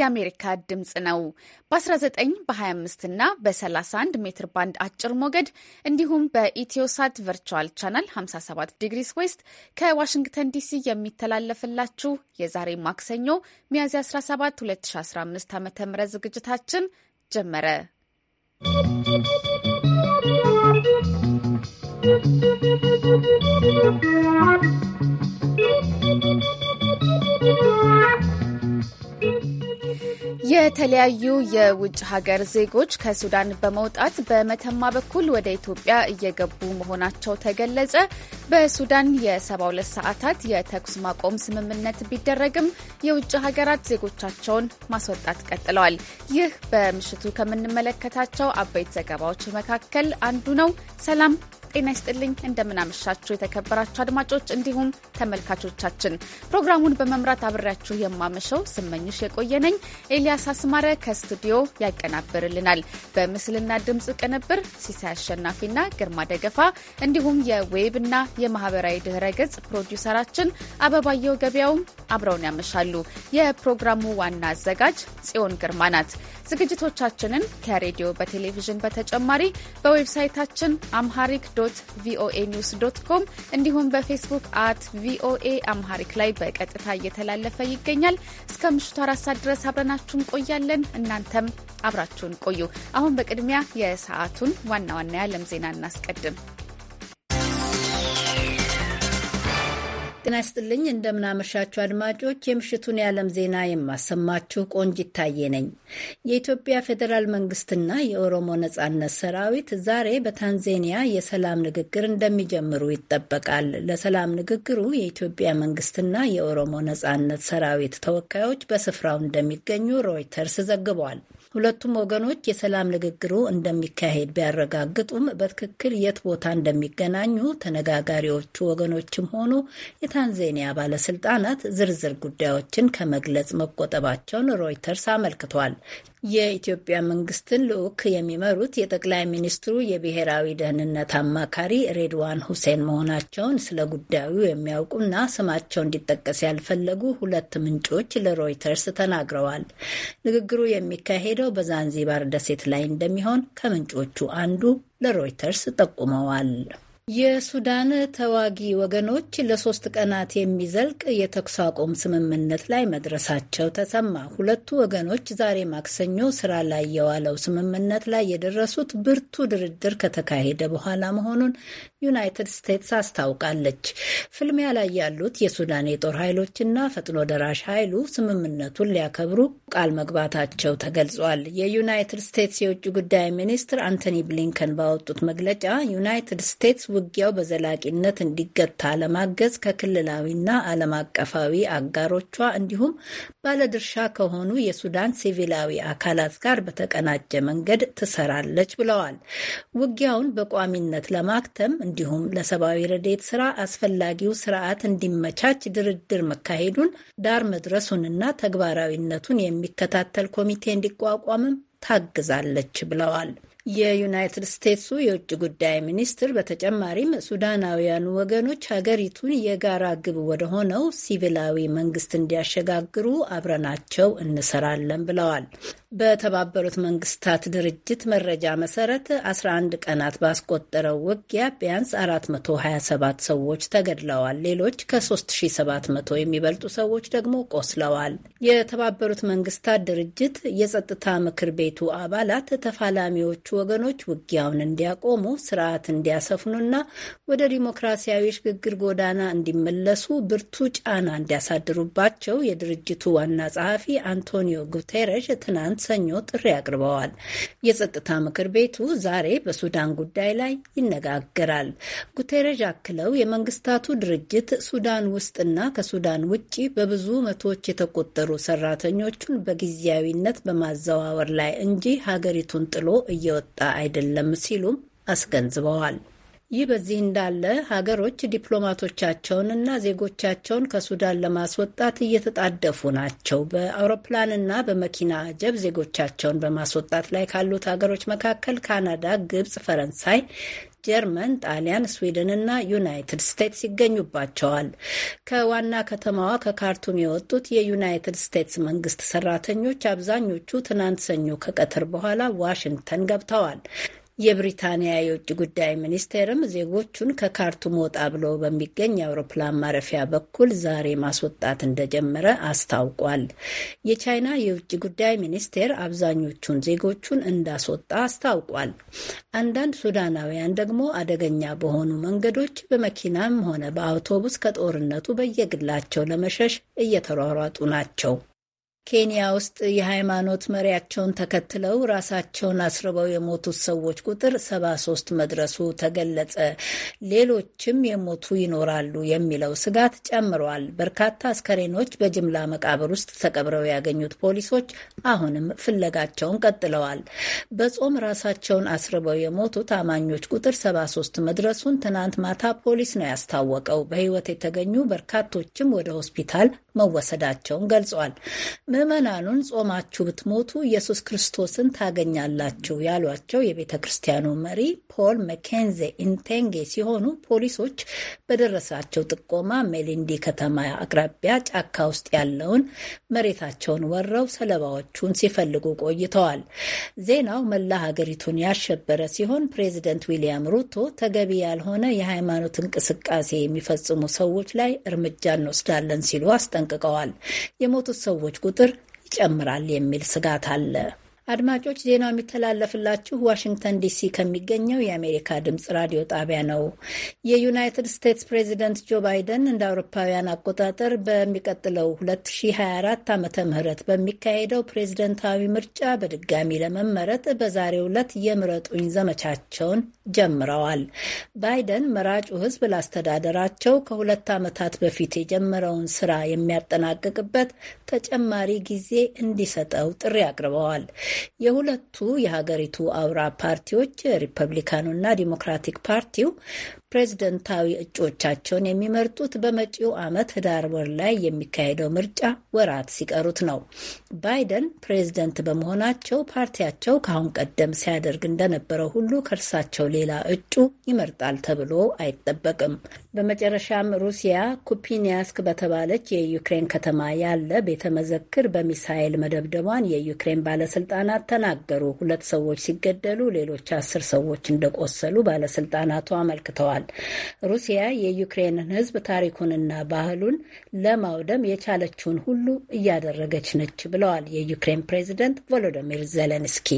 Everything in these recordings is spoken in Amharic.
የአሜሪካ ድምፅ ነው። በ19 በ25 እና በ31 ሜትር ባንድ አጭር ሞገድ እንዲሁም በኢትዮሳት ቨርቹዋል ቻናል 57 ዲግሪስ ዌስት ከዋሽንግተን ዲሲ የሚተላለፍላችሁ የዛሬ ማክሰኞ ሚያዝያ 17 2015 ዓ ም ዝግጅታችን ጀመረ። ¶¶ የተለያዩ የውጭ ሀገር ዜጎች ከሱዳን በመውጣት በመተማ በኩል ወደ ኢትዮጵያ እየገቡ መሆናቸው ተገለጸ። በሱዳን የ72 ሰዓታት የተኩስ ማቆም ስምምነት ቢደረግም የውጭ ሀገራት ዜጎቻቸውን ማስወጣት ቀጥለዋል። ይህ በምሽቱ ከምንመለከታቸው አበይት ዘገባዎች መካከል አንዱ ነው። ሰላም ጤና ይስጥልኝ። እንደምናመሻችሁ የተከበራችሁ አድማጮች እንዲሁም ተመልካቾቻችን፣ ፕሮግራሙን በመምራት አብሬያችሁ የማመሸው ስመኝሽ የቆየ ነኝ። ኤልያስ አስማረ ከስቱዲዮ ያቀናብርልናል። በምስልና ድምፅ ቅንብር ሲሳይ አሸናፊና ግርማ ደገፋ እንዲሁም የዌብና የማህበራዊ ድህረ ገጽ ፕሮዲውሰራችን አበባየው ገበያውም አብረውን ያመሻሉ። የፕሮግራሙ ዋና አዘጋጅ ጽዮን ግርማ ናት። ዝግጅቶቻችንን ከሬዲዮ በቴሌቪዥን በተጨማሪ በዌብሳይታችን አምሃሪክ ዶት ቪኦኤ ኒውስ ዶት ኮም እንዲሁም በፌስቡክ አት ቪኦኤ አምሃሪክ ላይ በቀጥታ እየተላለፈ ይገኛል። እስከ ምሽቱ አራት ሰዓት ድረስ አብረናችሁን ቆያለን። እናንተም አብራችሁን ቆዩ። አሁን በቅድሚያ የሰዓቱን ዋና ዋና የዓለም ዜና እናስቀድም። ጤና ይስጥልኝ እንደምናመሻችሁ አድማጮች፣ የምሽቱን የዓለም ዜና የማሰማችሁ ቆንጅ ይታየ ነኝ። የኢትዮጵያ ፌዴራል መንግስትና የኦሮሞ ነጻነት ሰራዊት ዛሬ በታንዜኒያ የሰላም ንግግር እንደሚጀምሩ ይጠበቃል። ለሰላም ንግግሩ የኢትዮጵያ መንግስትና የኦሮሞ ነጻነት ሰራዊት ተወካዮች በስፍራው እንደሚገኙ ሮይተርስ ዘግቧል። ሁለቱም ወገኖች የሰላም ንግግሩ እንደሚካሄድ ቢያረጋግጡም በትክክል የት ቦታ እንደሚገናኙ ተነጋጋሪዎቹ ወገኖችም ሆኑ የታንዛኒያ ባለስልጣናት ዝርዝር ጉዳዮችን ከመግለጽ መቆጠባቸውን ሮይተርስ አመልክቷል። የኢትዮጵያ መንግስትን ልዑክ የሚመሩት የጠቅላይ ሚኒስትሩ የብሔራዊ ደህንነት አማካሪ ሬድዋን ሁሴን መሆናቸውን ስለ ጉዳዩ የሚያውቁና ስማቸው እንዲጠቀስ ያልፈለጉ ሁለት ምንጮች ለሮይተርስ ተናግረዋል። ንግግሩ የሚካሄደው በዛንዚባር ደሴት ላይ እንደሚሆን ከምንጮቹ አንዱ ለሮይተርስ ጠቁመዋል። የሱዳን ተዋጊ ወገኖች ለሶስት ቀናት የሚዘልቅ የተኩስ አቁም ስምምነት ላይ መድረሳቸው ተሰማ። ሁለቱ ወገኖች ዛሬ ማክሰኞ ስራ ላይ የዋለው ስምምነት ላይ የደረሱት ብርቱ ድርድር ከተካሄደ በኋላ መሆኑን ዩናይትድ ስቴትስ አስታውቃለች። ፍልሚያ ላይ ያሉት የሱዳን የጦር ኃይሎችና ፈጥኖ ደራሽ ኃይሉ ስምምነቱን ሊያከብሩ ቃል መግባታቸው ተገልጿል። የዩናይትድ ስቴትስ የውጭ ጉዳይ ሚኒስትር አንቶኒ ብሊንከን ባወጡት መግለጫ ዩናይትድ ስቴትስ ውጊያው በዘላቂነት እንዲገታ ለማገዝ ከክልላዊና ዓለም አቀፋዊ አጋሮቿ እንዲሁም ባለድርሻ ከሆኑ የሱዳን ሲቪላዊ አካላት ጋር በተቀናጀ መንገድ ትሰራለች ብለዋል። ውጊያውን በቋሚነት ለማክተም እንዲሁም ለሰብአዊ ረዴት ስራ አስፈላጊው ስርዓት እንዲመቻች ድርድር መካሄዱን ዳር መድረሱንና ተግባራዊነቱን የሚከታተል ኮሚቴ እንዲቋቋምም ታግዛለች ብለዋል። የዩናይትድ ስቴትሱ የውጭ ጉዳይ ሚኒስትር በተጨማሪም ሱዳናውያኑ ወገኖች ሀገሪቱን የጋራ ግብ ወደ ሆነው ሲቪላዊ መንግስት እንዲያሸጋግሩ አብረናቸው እንሰራለን ብለዋል። በተባበሩት መንግስታት ድርጅት መረጃ መሰረት 11 ቀናት ባስቆጠረው ውጊያ ቢያንስ 427 ሰዎች ተገድለዋል። ሌሎች ከ3700 የሚበልጡ ሰዎች ደግሞ ቆስለዋል። የተባበሩት መንግስታት ድርጅት የጸጥታ ምክር ቤቱ አባላት ተፋላሚዎቹ ወገኖች ውጊያውን እንዲያቆሙ፣ ስርዓት እንዲያሰፍኑና ወደ ዲሞክራሲያዊ ሽግግር ጎዳና እንዲመለሱ ብርቱ ጫና እንዲያሳድሩባቸው የድርጅቱ ዋና ጸሐፊ አንቶኒዮ ጉቴረሽ ትናንት ሰኞ ጥሪ አቅርበዋል። የጸጥታ ምክር ቤቱ ዛሬ በሱዳን ጉዳይ ላይ ይነጋገራል። ጉተረዥ አክለው የመንግስታቱ ድርጅት ሱዳን ውስጥና ከሱዳን ውጭ በብዙ መቶዎች የተቆጠሩ ሰራተኞቹን በጊዜያዊነት በማዘዋወር ላይ እንጂ ሀገሪቱን ጥሎ እየወጣ አይደለም ሲሉም አስገንዝበዋል። ይህ በዚህ እንዳለ ሀገሮች ዲፕሎማቶቻቸውንና ዜጎቻቸውን ከሱዳን ለማስወጣት እየተጣደፉ ናቸው። በአውሮፕላንና በመኪና አጀብ ዜጎቻቸውን በማስወጣት ላይ ካሉት ሀገሮች መካከል ካናዳ፣ ግብጽ፣ ፈረንሳይ ጀርመን፣ ጣሊያን፣ ስዊድን እና ዩናይትድ ስቴትስ ይገኙባቸዋል። ከዋና ከተማዋ ከካርቱም የወጡት የዩናይትድ ስቴትስ መንግስት ሰራተኞች አብዛኞቹ ትናንት ሰኞ ከቀትር በኋላ ዋሽንግተን ገብተዋል። የብሪታንያ የውጭ ጉዳይ ሚኒስቴርም ዜጎቹን ከካርቱም ወጣ ብሎ በሚገኝ የአውሮፕላን ማረፊያ በኩል ዛሬ ማስወጣት እንደጀመረ አስታውቋል። የቻይና የውጭ ጉዳይ ሚኒስቴር አብዛኞቹን ዜጎቹን እንዳስወጣ አስታውቋል። አንዳንድ ሱዳናውያን ደግሞ አደገኛ በሆኑ መንገዶች በመኪናም ሆነ በአውቶቡስ ከጦርነቱ በየግላቸው ለመሸሽ እየተሯሯጡ ናቸው። ኬንያ ውስጥ የሃይማኖት መሪያቸውን ተከትለው ራሳቸውን አስርበው የሞቱት ሰዎች ቁጥር 73 መድረሱ ተገለጸ። ሌሎችም የሞቱ ይኖራሉ የሚለው ስጋት ጨምሯል። በርካታ አስከሬኖች በጅምላ መቃብር ውስጥ ተቀብረው ያገኙት ፖሊሶች አሁንም ፍለጋቸውን ቀጥለዋል። በጾም ራሳቸውን አስርበው የሞቱት አማኞች ቁጥር 73 መድረሱን ትናንት ማታ ፖሊስ ነው ያስታወቀው። በህይወት የተገኙ በርካቶችም ወደ ሆስፒታል መወሰዳቸውን ገልጿል። ምዕመናኑን ጾማችሁ ብትሞቱ ኢየሱስ ክርስቶስን ታገኛላችሁ ያሏቸው የቤተ ክርስቲያኑ መሪ ፖል መኬንዜ ኢንቴንጌ ሲሆኑ ፖሊሶች በደረሳቸው ጥቆማ ሜሊንዲ ከተማ አቅራቢያ ጫካ ውስጥ ያለውን መሬታቸውን ወረው ሰለባዎቹን ሲፈልጉ ቆይተዋል። ዜናው መላ ሀገሪቱን ያሸበረ ሲሆን ፕሬዚደንት ዊልያም ሩቶ ተገቢ ያልሆነ የሃይማኖት እንቅስቃሴ የሚፈጽሙ ሰዎች ላይ እርምጃ እንወስዳለን ሲሉ አስጠንቅቀዋል። የሞቱት ሰዎች ቁጥር ይጨምራል የሚል ስጋት አለ። አድማጮች ዜናው የሚተላለፍላችሁ ዋሽንግተን ዲሲ ከሚገኘው የአሜሪካ ድምጽ ራዲዮ ጣቢያ ነው። የዩናይትድ ስቴትስ ፕሬዚደንት ጆ ባይደን እንደ አውሮፓውያን አቆጣጠር በሚቀጥለው 2024 ዓመተ ምህረት በሚካሄደው ፕሬዝደንታዊ ምርጫ በድጋሚ ለመመረጥ በዛሬው ዕለት የምረጡኝ ዘመቻቸውን ጀምረዋል። ባይደን መራጩ ሕዝብ ላስተዳደራቸው ከሁለት ዓመታት በፊት የጀመረውን ስራ የሚያጠናቅቅበት ተጨማሪ ጊዜ እንዲሰጠው ጥሪ አቅርበዋል። የሁለቱ የሀገሪቱ አውራ ፓርቲዎች ሪፐብሊካኑና ዲሞክራቲክ ፓርቲው ፕሬዝደንታዊ እጩዎቻቸውን የሚመርጡት በመጪው ዓመት ህዳር ወር ላይ የሚካሄደው ምርጫ ወራት ሲቀሩት ነው። ባይደን ፕሬዝደንት በመሆናቸው ፓርቲያቸው ከአሁን ቀደም ሲያደርግ እንደነበረው ሁሉ ከእርሳቸው ሌላ እጩ ይመርጣል ተብሎ አይጠበቅም። በመጨረሻም ሩሲያ ኩፒኒያስክ በተባለች የዩክሬን ከተማ ያለ ቤተ መዘክር በሚሳይል መደብደቧን የዩክሬን ባለስልጣናት ተናገሩ። ሁለት ሰዎች ሲገደሉ ሌሎች አስር ሰዎች እንደቆሰሉ ባለስልጣናቱ አመልክተዋል። ተናግረዋል። ሩሲያ የዩክሬንን ሕዝብ ታሪኩንና ባህሉን ለማውደም የቻለችውን ሁሉ እያደረገች ነች ብለዋል የዩክሬን ፕሬዚደንት ቮሎዶሚር ዘለንስኪ።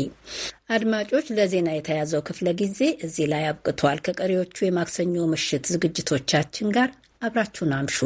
አድማጮች፣ ለዜና የተያዘው ክፍለ ጊዜ እዚህ ላይ አብቅቷል። ከቀሪዎቹ የማክሰኞ ምሽት ዝግጅቶቻችን ጋር አብራችሁን አምሹ።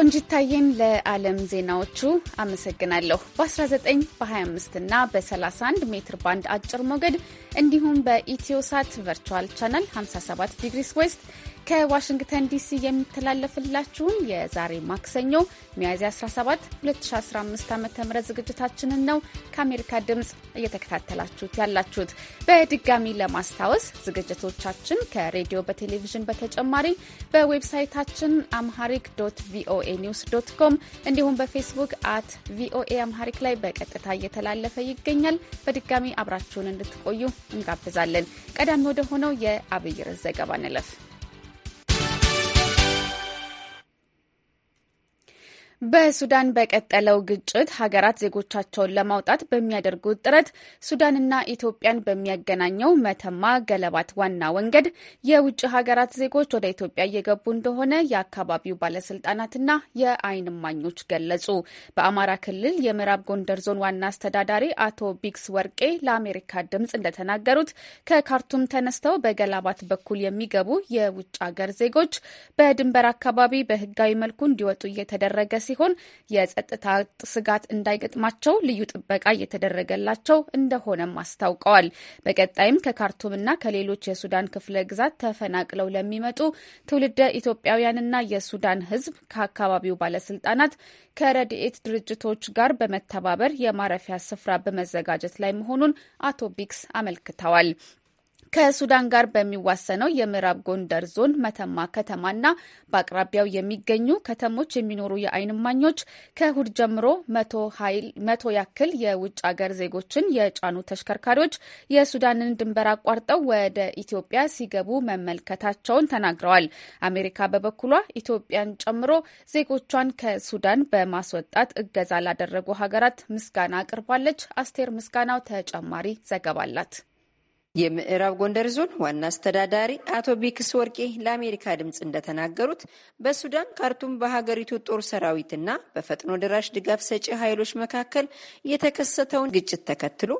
ቆንጅታዬን ለዓለም ዜናዎቹ አመሰግናለሁ። በ19 በ25 እና በ31 ሜትር ባንድ አጭር ሞገድ እንዲሁም በኢትዮሳት ቨርቹዋል ቻናል 57 ዲግሪስ ዌስት ከዋሽንግተን ዲሲ የሚተላለፍላችሁን የዛሬ ማክሰኞ ሚያዝያ 17 2015 ዓ ም ዝግጅታችንን ነው ከአሜሪካ ድምፅ እየተከታተላችሁት ያላችሁት። በድጋሚ ለማስታወስ ዝግጅቶቻችን ከሬዲዮ በቴሌቪዥን በተጨማሪ በዌብሳይታችን አምሃሪክ ዶት ቪኦኤ ኒውስ ዶት ኮም እንዲሁም በፌስቡክ አት ቪኦኤ አምሃሪክ ላይ በቀጥታ እየተላለፈ ይገኛል። በድጋሚ አብራችሁን እንድትቆዩ እንጋብዛለን። ቀዳሚ ወደ ሆነው የአብይር ዘገባ ንለፍ። በሱዳን በቀጠለው ግጭት ሀገራት ዜጎቻቸውን ለማውጣት በሚያደርጉት ጥረት ሱዳንና ኢትዮጵያን በሚያገናኘው መተማ ገለባት ዋና ወንገድ የውጭ ሀገራት ዜጎች ወደ ኢትዮጵያ እየገቡ እንደሆነ የአካባቢው ባለስልጣናትና የአይን ማኞች ገለጹ። በአማራ ክልል የምዕራብ ጎንደር ዞን ዋና አስተዳዳሪ አቶ ቢክስ ወርቄ ለአሜሪካ ድምፅ እንደተናገሩት ከካርቱም ተነስተው በገለባት በኩል የሚገቡ የውጭ ሀገር ዜጎች በድንበር አካባቢ በህጋዊ መልኩ እንዲወጡ እየተደረገ ሲሆን የጸጥታ ስጋት እንዳይገጥማቸው ልዩ ጥበቃ እየተደረገላቸው እንደሆነም አስታውቀዋል። በቀጣይም ከካርቱምና ከሌሎች የሱዳን ክፍለ ግዛት ተፈናቅለው ለሚመጡ ትውልደ ኢትዮጵያውያንና የሱዳን ሕዝብ ከአካባቢው ባለስልጣናት ከረድኤት ድርጅቶች ጋር በመተባበር የማረፊያ ስፍራ በመዘጋጀት ላይ መሆኑን አቶ ቢክስ አመልክተዋል። ከሱዳን ጋር በሚዋሰነው የምዕራብ ጎንደር ዞን መተማ ከተማና በአቅራቢያው የሚገኙ ከተሞች የሚኖሩ የአይንማኞች ከእሁድ ጀምሮ መቶ ያክል የውጭ አገር ዜጎችን የጫኑ ተሽከርካሪዎች የሱዳንን ድንበር አቋርጠው ወደ ኢትዮጵያ ሲገቡ መመልከታቸውን ተናግረዋል። አሜሪካ በበኩሏ ኢትዮጵያን ጨምሮ ዜጎቿን ከሱዳን በማስወጣት እገዛ ላደረጉ ሀገራት ምስጋና አቅርባለች። አስቴር ምስጋናው ተጨማሪ ዘገባ አላት። የምዕራብ ጎንደር ዞን ዋና አስተዳዳሪ አቶ ቢክስ ወርቄ ለአሜሪካ ድምፅ እንደተናገሩት በሱዳን ካርቱም በሀገሪቱ ጦር ሰራዊትና በፈጥኖ ደራሽ ድጋፍ ሰጪ ኃይሎች መካከል የተከሰተውን ግጭት ተከትሎ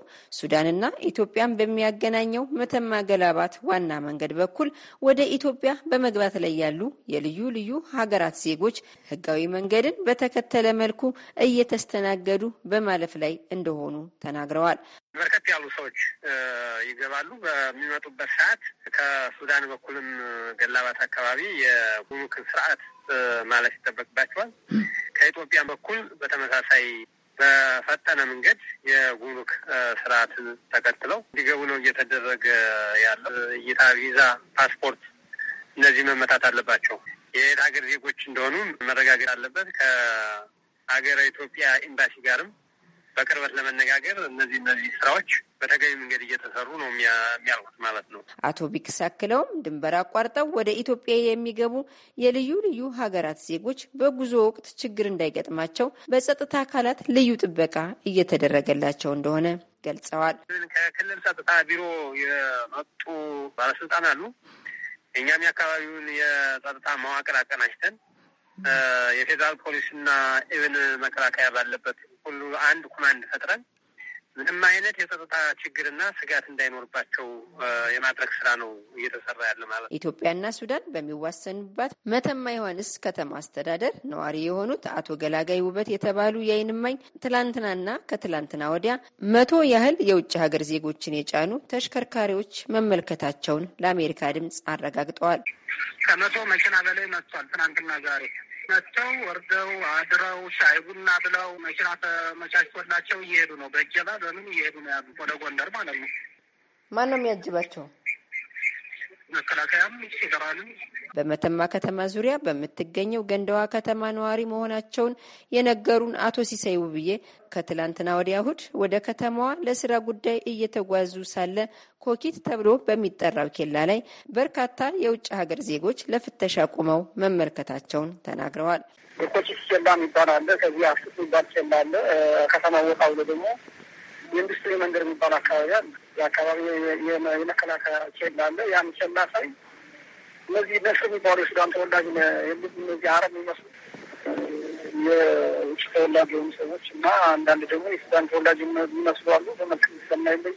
ሱዳንና ኢትዮጵያን በሚያገናኘው መተማ ገላባት ዋና መንገድ በኩል ወደ ኢትዮጵያ በመግባት ላይ ያሉ የልዩ ልዩ ሀገራት ዜጎች ህጋዊ መንገድን በተከተለ መልኩ እየተስተናገዱ በማለፍ ላይ እንደሆኑ ተናግረዋል። በርከት ያሉ ሰዎች ይገባሉ። በሚመጡበት ሰዓት ከሱዳን በኩልም ገላባት አካባቢ የጉሙክን ስርዓት ማለት ይጠበቅባቸዋል። ከኢትዮጵያ በኩል በተመሳሳይ በፈጠነ መንገድ የጉምሩክ ስርዓትን ተከትለው እንዲገቡ ነው እየተደረገ ያለ እይታ፣ ቪዛ፣ ፓስፖርት እነዚህ መመታት አለባቸው። የየት ሀገር ዜጎች እንደሆኑ መረጋገጥ አለበት። ከሀገረ ኢትዮጵያ ኤምባሲ ጋርም በቅርበት ለመነጋገር እነዚህ እነዚህ ስራዎች በተገቢ መንገድ እየተሰሩ ነው የሚያልቁት ማለት ነው። አቶ ቢክስ አክለውም ድንበር አቋርጠው ወደ ኢትዮጵያ የሚገቡ የልዩ ልዩ ሀገራት ዜጎች በጉዞ ወቅት ችግር እንዳይገጥማቸው በጸጥታ አካላት ልዩ ጥበቃ እየተደረገላቸው እንደሆነ ገልጸዋል። ከክልል ጸጥታ ቢሮ የመጡ ባለስልጣን አሉ። እኛም የአካባቢውን የጸጥታ መዋቅር አቀናጅተን የፌዴራል ፖሊስና ኢብን መከላከያ ባለበት ሁሉ አንድ ኮማንድ ፈጥረን ምንም አይነት የጸጥታ ችግርና ስጋት እንዳይኖርባቸው የማድረግ ስራ ነው እየተሰራ ያለ ማለት ነው። ኢትዮጵያና ሱዳን በሚዋሰኑባት መተማ ዮሐንስ ከተማ አስተዳደር ነዋሪ የሆኑት አቶ ገላጋይ ውበት የተባሉ የአይንማኝ ትላንትናና ከትላንትና ወዲያ መቶ ያህል የውጭ ሀገር ዜጎችን የጫኑ ተሽከርካሪዎች መመልከታቸውን ለአሜሪካ ድምፅ አረጋግጠዋል። ከመቶ መኪና በላይ መጥቷል ትናንትና ዛሬ መጥተው ወርደው አድረው ሻይ ቡና ብለው መኪና ተመቻችቶላቸው እየሄዱ ነው። በእጀባ በምን እየሄዱ ነው ያሉ ወደ ጎንደር ማለት ነው። ማን ነው የሚያጅባቸው? መከላከያም ፌደራልም በመተማ ከተማ ዙሪያ በምትገኘው ገንዳዋ ከተማ ነዋሪ መሆናቸውን የነገሩን አቶ ሲሳይ ውብዬ ከትላንትና ወዲያ እሁድ ወደ ከተማዋ ለስራ ጉዳይ እየተጓዙ ሳለ ኮኪት ተብሎ በሚጠራው ኬላ ላይ በርካታ የውጭ ሀገር ዜጎች ለፍተሻ ቁመው መመልከታቸውን ተናግረዋል። የኮኪት ኬላ የሚባል አለ። ከዚህ አፍሱ ሚባል ኬላ አለ። ከተማ ወጣ ብሎ ደግሞ የኢንዱስትሪ መንገድ የሚባል አካባቢ አለ። የአካባቢ የመከላከያ ኬላ አለ። ያን ኬላ ሳይ እነዚህ ነስር የሚባሉ የሱዳን ተወላጅ እነዚህ አረብ የሚመስሉ የውጭ ተወላጅ የሆኑ ሰዎች እና አንዳንድ ደግሞ የሱዳን ተወላጅ የሚመስሉ አሉ። በመልክ የሚሰማይ ለይ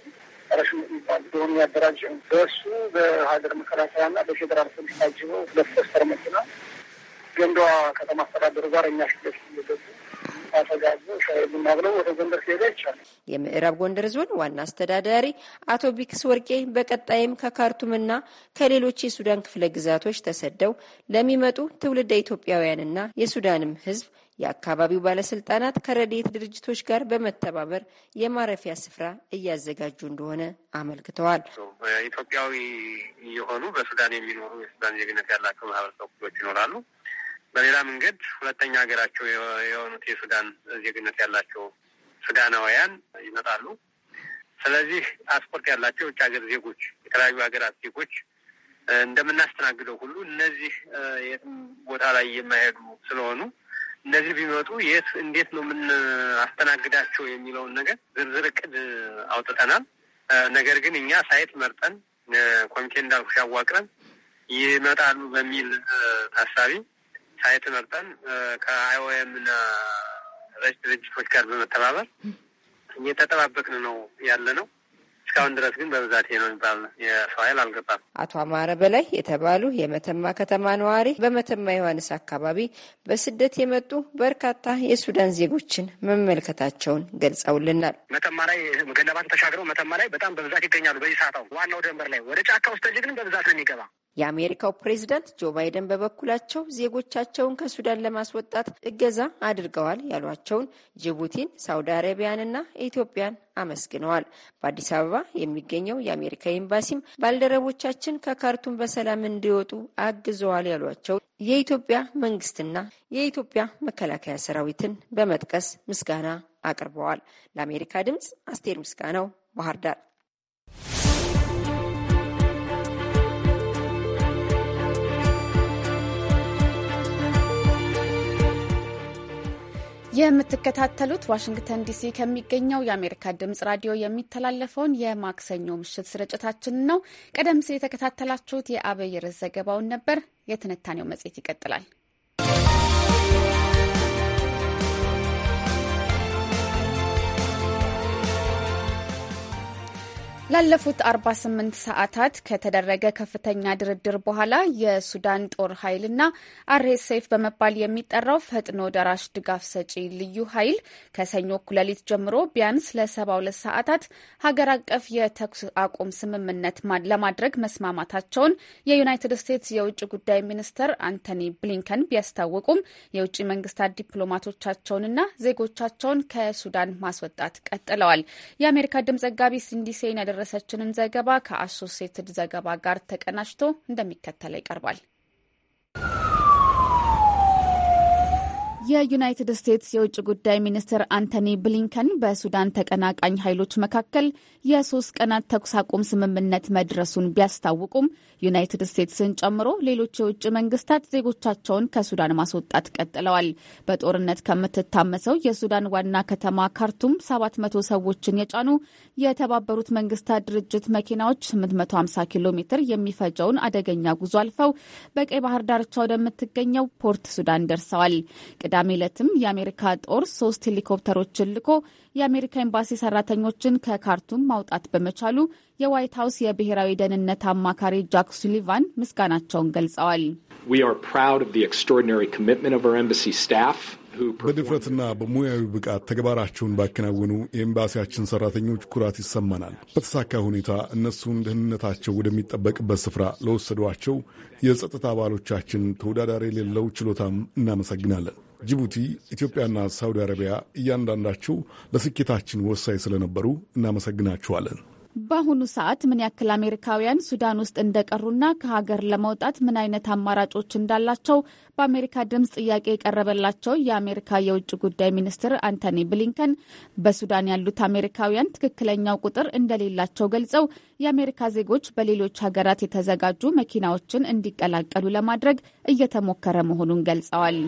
ረሽ የሚባሉ የሆኑ ያደራጀው በእሱ በሀገር መከላከያ መከላከያና በፌዴራል ፖሊስ ታጅበው ሁለት ሶስተር መኪና ገንዷ ከተማ አስተዳደሩ ጋር እኛ ሽለሽ እየገቡ ብለው ወደ ጎንደር የምዕራብ ጎንደር ዞን ዋና አስተዳዳሪ አቶ ቢክስ ወርቄ በቀጣይም ከካርቱምና ከሌሎች የሱዳን ክፍለ ግዛቶች ተሰደው ለሚመጡ ትውልደ ኢትዮጵያውያንና የሱዳንም ሕዝብ የአካባቢው ባለስልጣናት ከረድኤት ድርጅቶች ጋር በመተባበር የማረፊያ ስፍራ እያዘጋጁ እንደሆነ አመልክተዋል። ኢትዮጵያዊ የሆኑ በሱዳን የሚኖሩ የሱዳን ዜግነት ያላቸው ማህበረሰብ ክፍሎች ይኖራሉ። በሌላ መንገድ ሁለተኛ ሀገራቸው የሆኑት የሱዳን ዜግነት ያላቸው ሱዳናውያን ይመጣሉ። ስለዚህ ፓስፖርት ያላቸው የውጭ ሀገር ዜጎች፣ የተለያዩ ሀገራት ዜጎች እንደምናስተናግደው ሁሉ እነዚህ የትም ቦታ ላይ የማይሄዱ ስለሆኑ እነዚህ ቢመጡ የት እንዴት ነው የምናስተናግዳቸው የሚለውን ነገር ዝርዝር እቅድ አውጥተናል። ነገር ግን እኛ ሳይት መርጠን ኮሚቴ እንዳልኩ ሲያዋቅረን ይመጣሉ በሚል ታሳቢ ሳይት መርጠን ከአይኦኤም እና ረጅ ድርጅቶች ጋር በመተባበር እየተጠባበቅን ነው ያለ ነው። እስካሁን ድረስ ግን በብዛት ነው የሚባል የሰው ኃይል አልገባም። አቶ አማረ በላይ የተባሉ የመተማ ከተማ ነዋሪ በመተማ ዮሐንስ አካባቢ በስደት የመጡ በርካታ የሱዳን ዜጎችን መመልከታቸውን ገልጸውልናል። መተማ ላይ ገለባን ተሻግረው መተማ ላይ በጣም በብዛት ይገኛሉ። በዚህ ሰዓት ዋናው ደንበር ላይ ወደ ጫካ ውስጥ ግን በብዛት ነው የሚገባ የአሜሪካው ፕሬዚዳንት ጆ ባይደን በበኩላቸው ዜጎቻቸውን ከሱዳን ለማስወጣት እገዛ አድርገዋል ያሏቸውን ጅቡቲን፣ ሳውዲ አረቢያንና ኢትዮጵያን አመስግነዋል። በአዲስ አበባ የሚገኘው የአሜሪካ ኤምባሲም ባልደረቦቻችን ከካርቱም በሰላም እንዲወጡ አግዘዋል ያሏቸው የኢትዮጵያ መንግስትና የኢትዮጵያ መከላከያ ሰራዊትን በመጥቀስ ምስጋና አቅርበዋል። ለአሜሪካ ድምጽ አስቴር ምስጋናው ባህር ዳር የምትከታተሉት ዋሽንግተን ዲሲ ከሚገኘው የአሜሪካ ድምጽ ራዲዮ የሚተላለፈውን የማክሰኞ ምሽት ስርጭታችን ነው። ቀደም ሲል የተከታተላችሁት የአብይርስ ዘገባውን ነበር። የትንታኔው መጽሔት ይቀጥላል። ላለፉት 48 ሰዓታት ከተደረገ ከፍተኛ ድርድር በኋላ የሱዳን ጦር ኃይልና አርኤስኤፍ በመባል የሚጠራው ፈጥኖ ደራሽ ድጋፍ ሰጪ ልዩ ኃይል ከሰኞ ኩለሊት ጀምሮ ቢያንስ ለ72 ሰዓታት ሀገር አቀፍ የተኩስ አቁም ስምምነት ለማድረግ መስማማታቸውን የዩናይትድ ስቴትስ የውጭ ጉዳይ ሚኒስትር አንቶኒ ብሊንከን ቢያስታውቁም የውጭ መንግስታት ዲፕሎማቶቻቸውንና ዜጎቻቸውን ከሱዳን ማስወጣት ቀጥለዋል። የአሜሪካ ድምጽ ዘጋቢ ሲንዲሴን ያደረሰችንን ዘገባ ከአሶሴትድ ዘገባ ጋር ተቀናጅቶ እንደሚከተለው ይቀርባል። የዩናይትድ ስቴትስ የውጭ ጉዳይ ሚኒስትር አንቶኒ ብሊንከን በሱዳን ተቀናቃኝ ኃይሎች መካከል የሶስት ቀናት ተኩስ አቁም ስምምነት መድረሱን ቢያስታውቁም ዩናይትድ ስቴትስን ጨምሮ ሌሎች የውጭ መንግስታት ዜጎቻቸውን ከሱዳን ማስወጣት ቀጥለዋል። በጦርነት ከምትታመሰው የሱዳን ዋና ከተማ ካርቱም 700 ሰዎችን የጫኑ የተባበሩት መንግስታት ድርጅት መኪናዎች 850 ኪሎ ሜትር የሚፈጀውን አደገኛ ጉዞ አልፈው በቀይ ባህር ዳርቻ ወደምትገኘው ፖርት ሱዳን ደርሰዋል። ቅዳሜ ዕለትም የአሜሪካ ጦር ሶስት ሄሊኮፕተሮችን ልኮ የአሜሪካ ኤምባሲ ሰራተኞችን ከካርቱም ማውጣት በመቻሉ የዋይት ሀውስ የብሔራዊ ደህንነት አማካሪ ጃክ ሱሊቫን ምስጋናቸውን ገልጸዋል። በድፍረትና በሙያዊ ብቃት ተግባራቸውን ባከናወኑ የኤምባሲያችን ሰራተኞች ኩራት ይሰማናል። በተሳካ ሁኔታ እነሱን ደህንነታቸው ወደሚጠበቅበት ስፍራ ለወሰዷቸው የጸጥታ አባሎቻችን ተወዳዳሪ የሌለው ችሎታም እናመሰግናለን። ጅቡቲ፣ ኢትዮጵያና ሳውዲ አረቢያ እያንዳንዳቸው ለስኬታችን ወሳኝ ስለነበሩ እናመሰግናችኋለን። በአሁኑ ሰዓት ምን ያክል አሜሪካውያን ሱዳን ውስጥ እንደቀሩና ከሀገር ለመውጣት ምን አይነት አማራጮች እንዳላቸው በአሜሪካ ድምፅ ጥያቄ የቀረበላቸው የአሜሪካ የውጭ ጉዳይ ሚኒስትር አንቶኒ ብሊንከን በሱዳን ያሉት አሜሪካውያን ትክክለኛው ቁጥር እንደሌላቸው ገልጸው የአሜሪካ ዜጎች በሌሎች ሀገራት የተዘጋጁ መኪናዎችን እንዲቀላቀሉ ለማድረግ እየተሞከረ መሆኑን ገልጸዋል።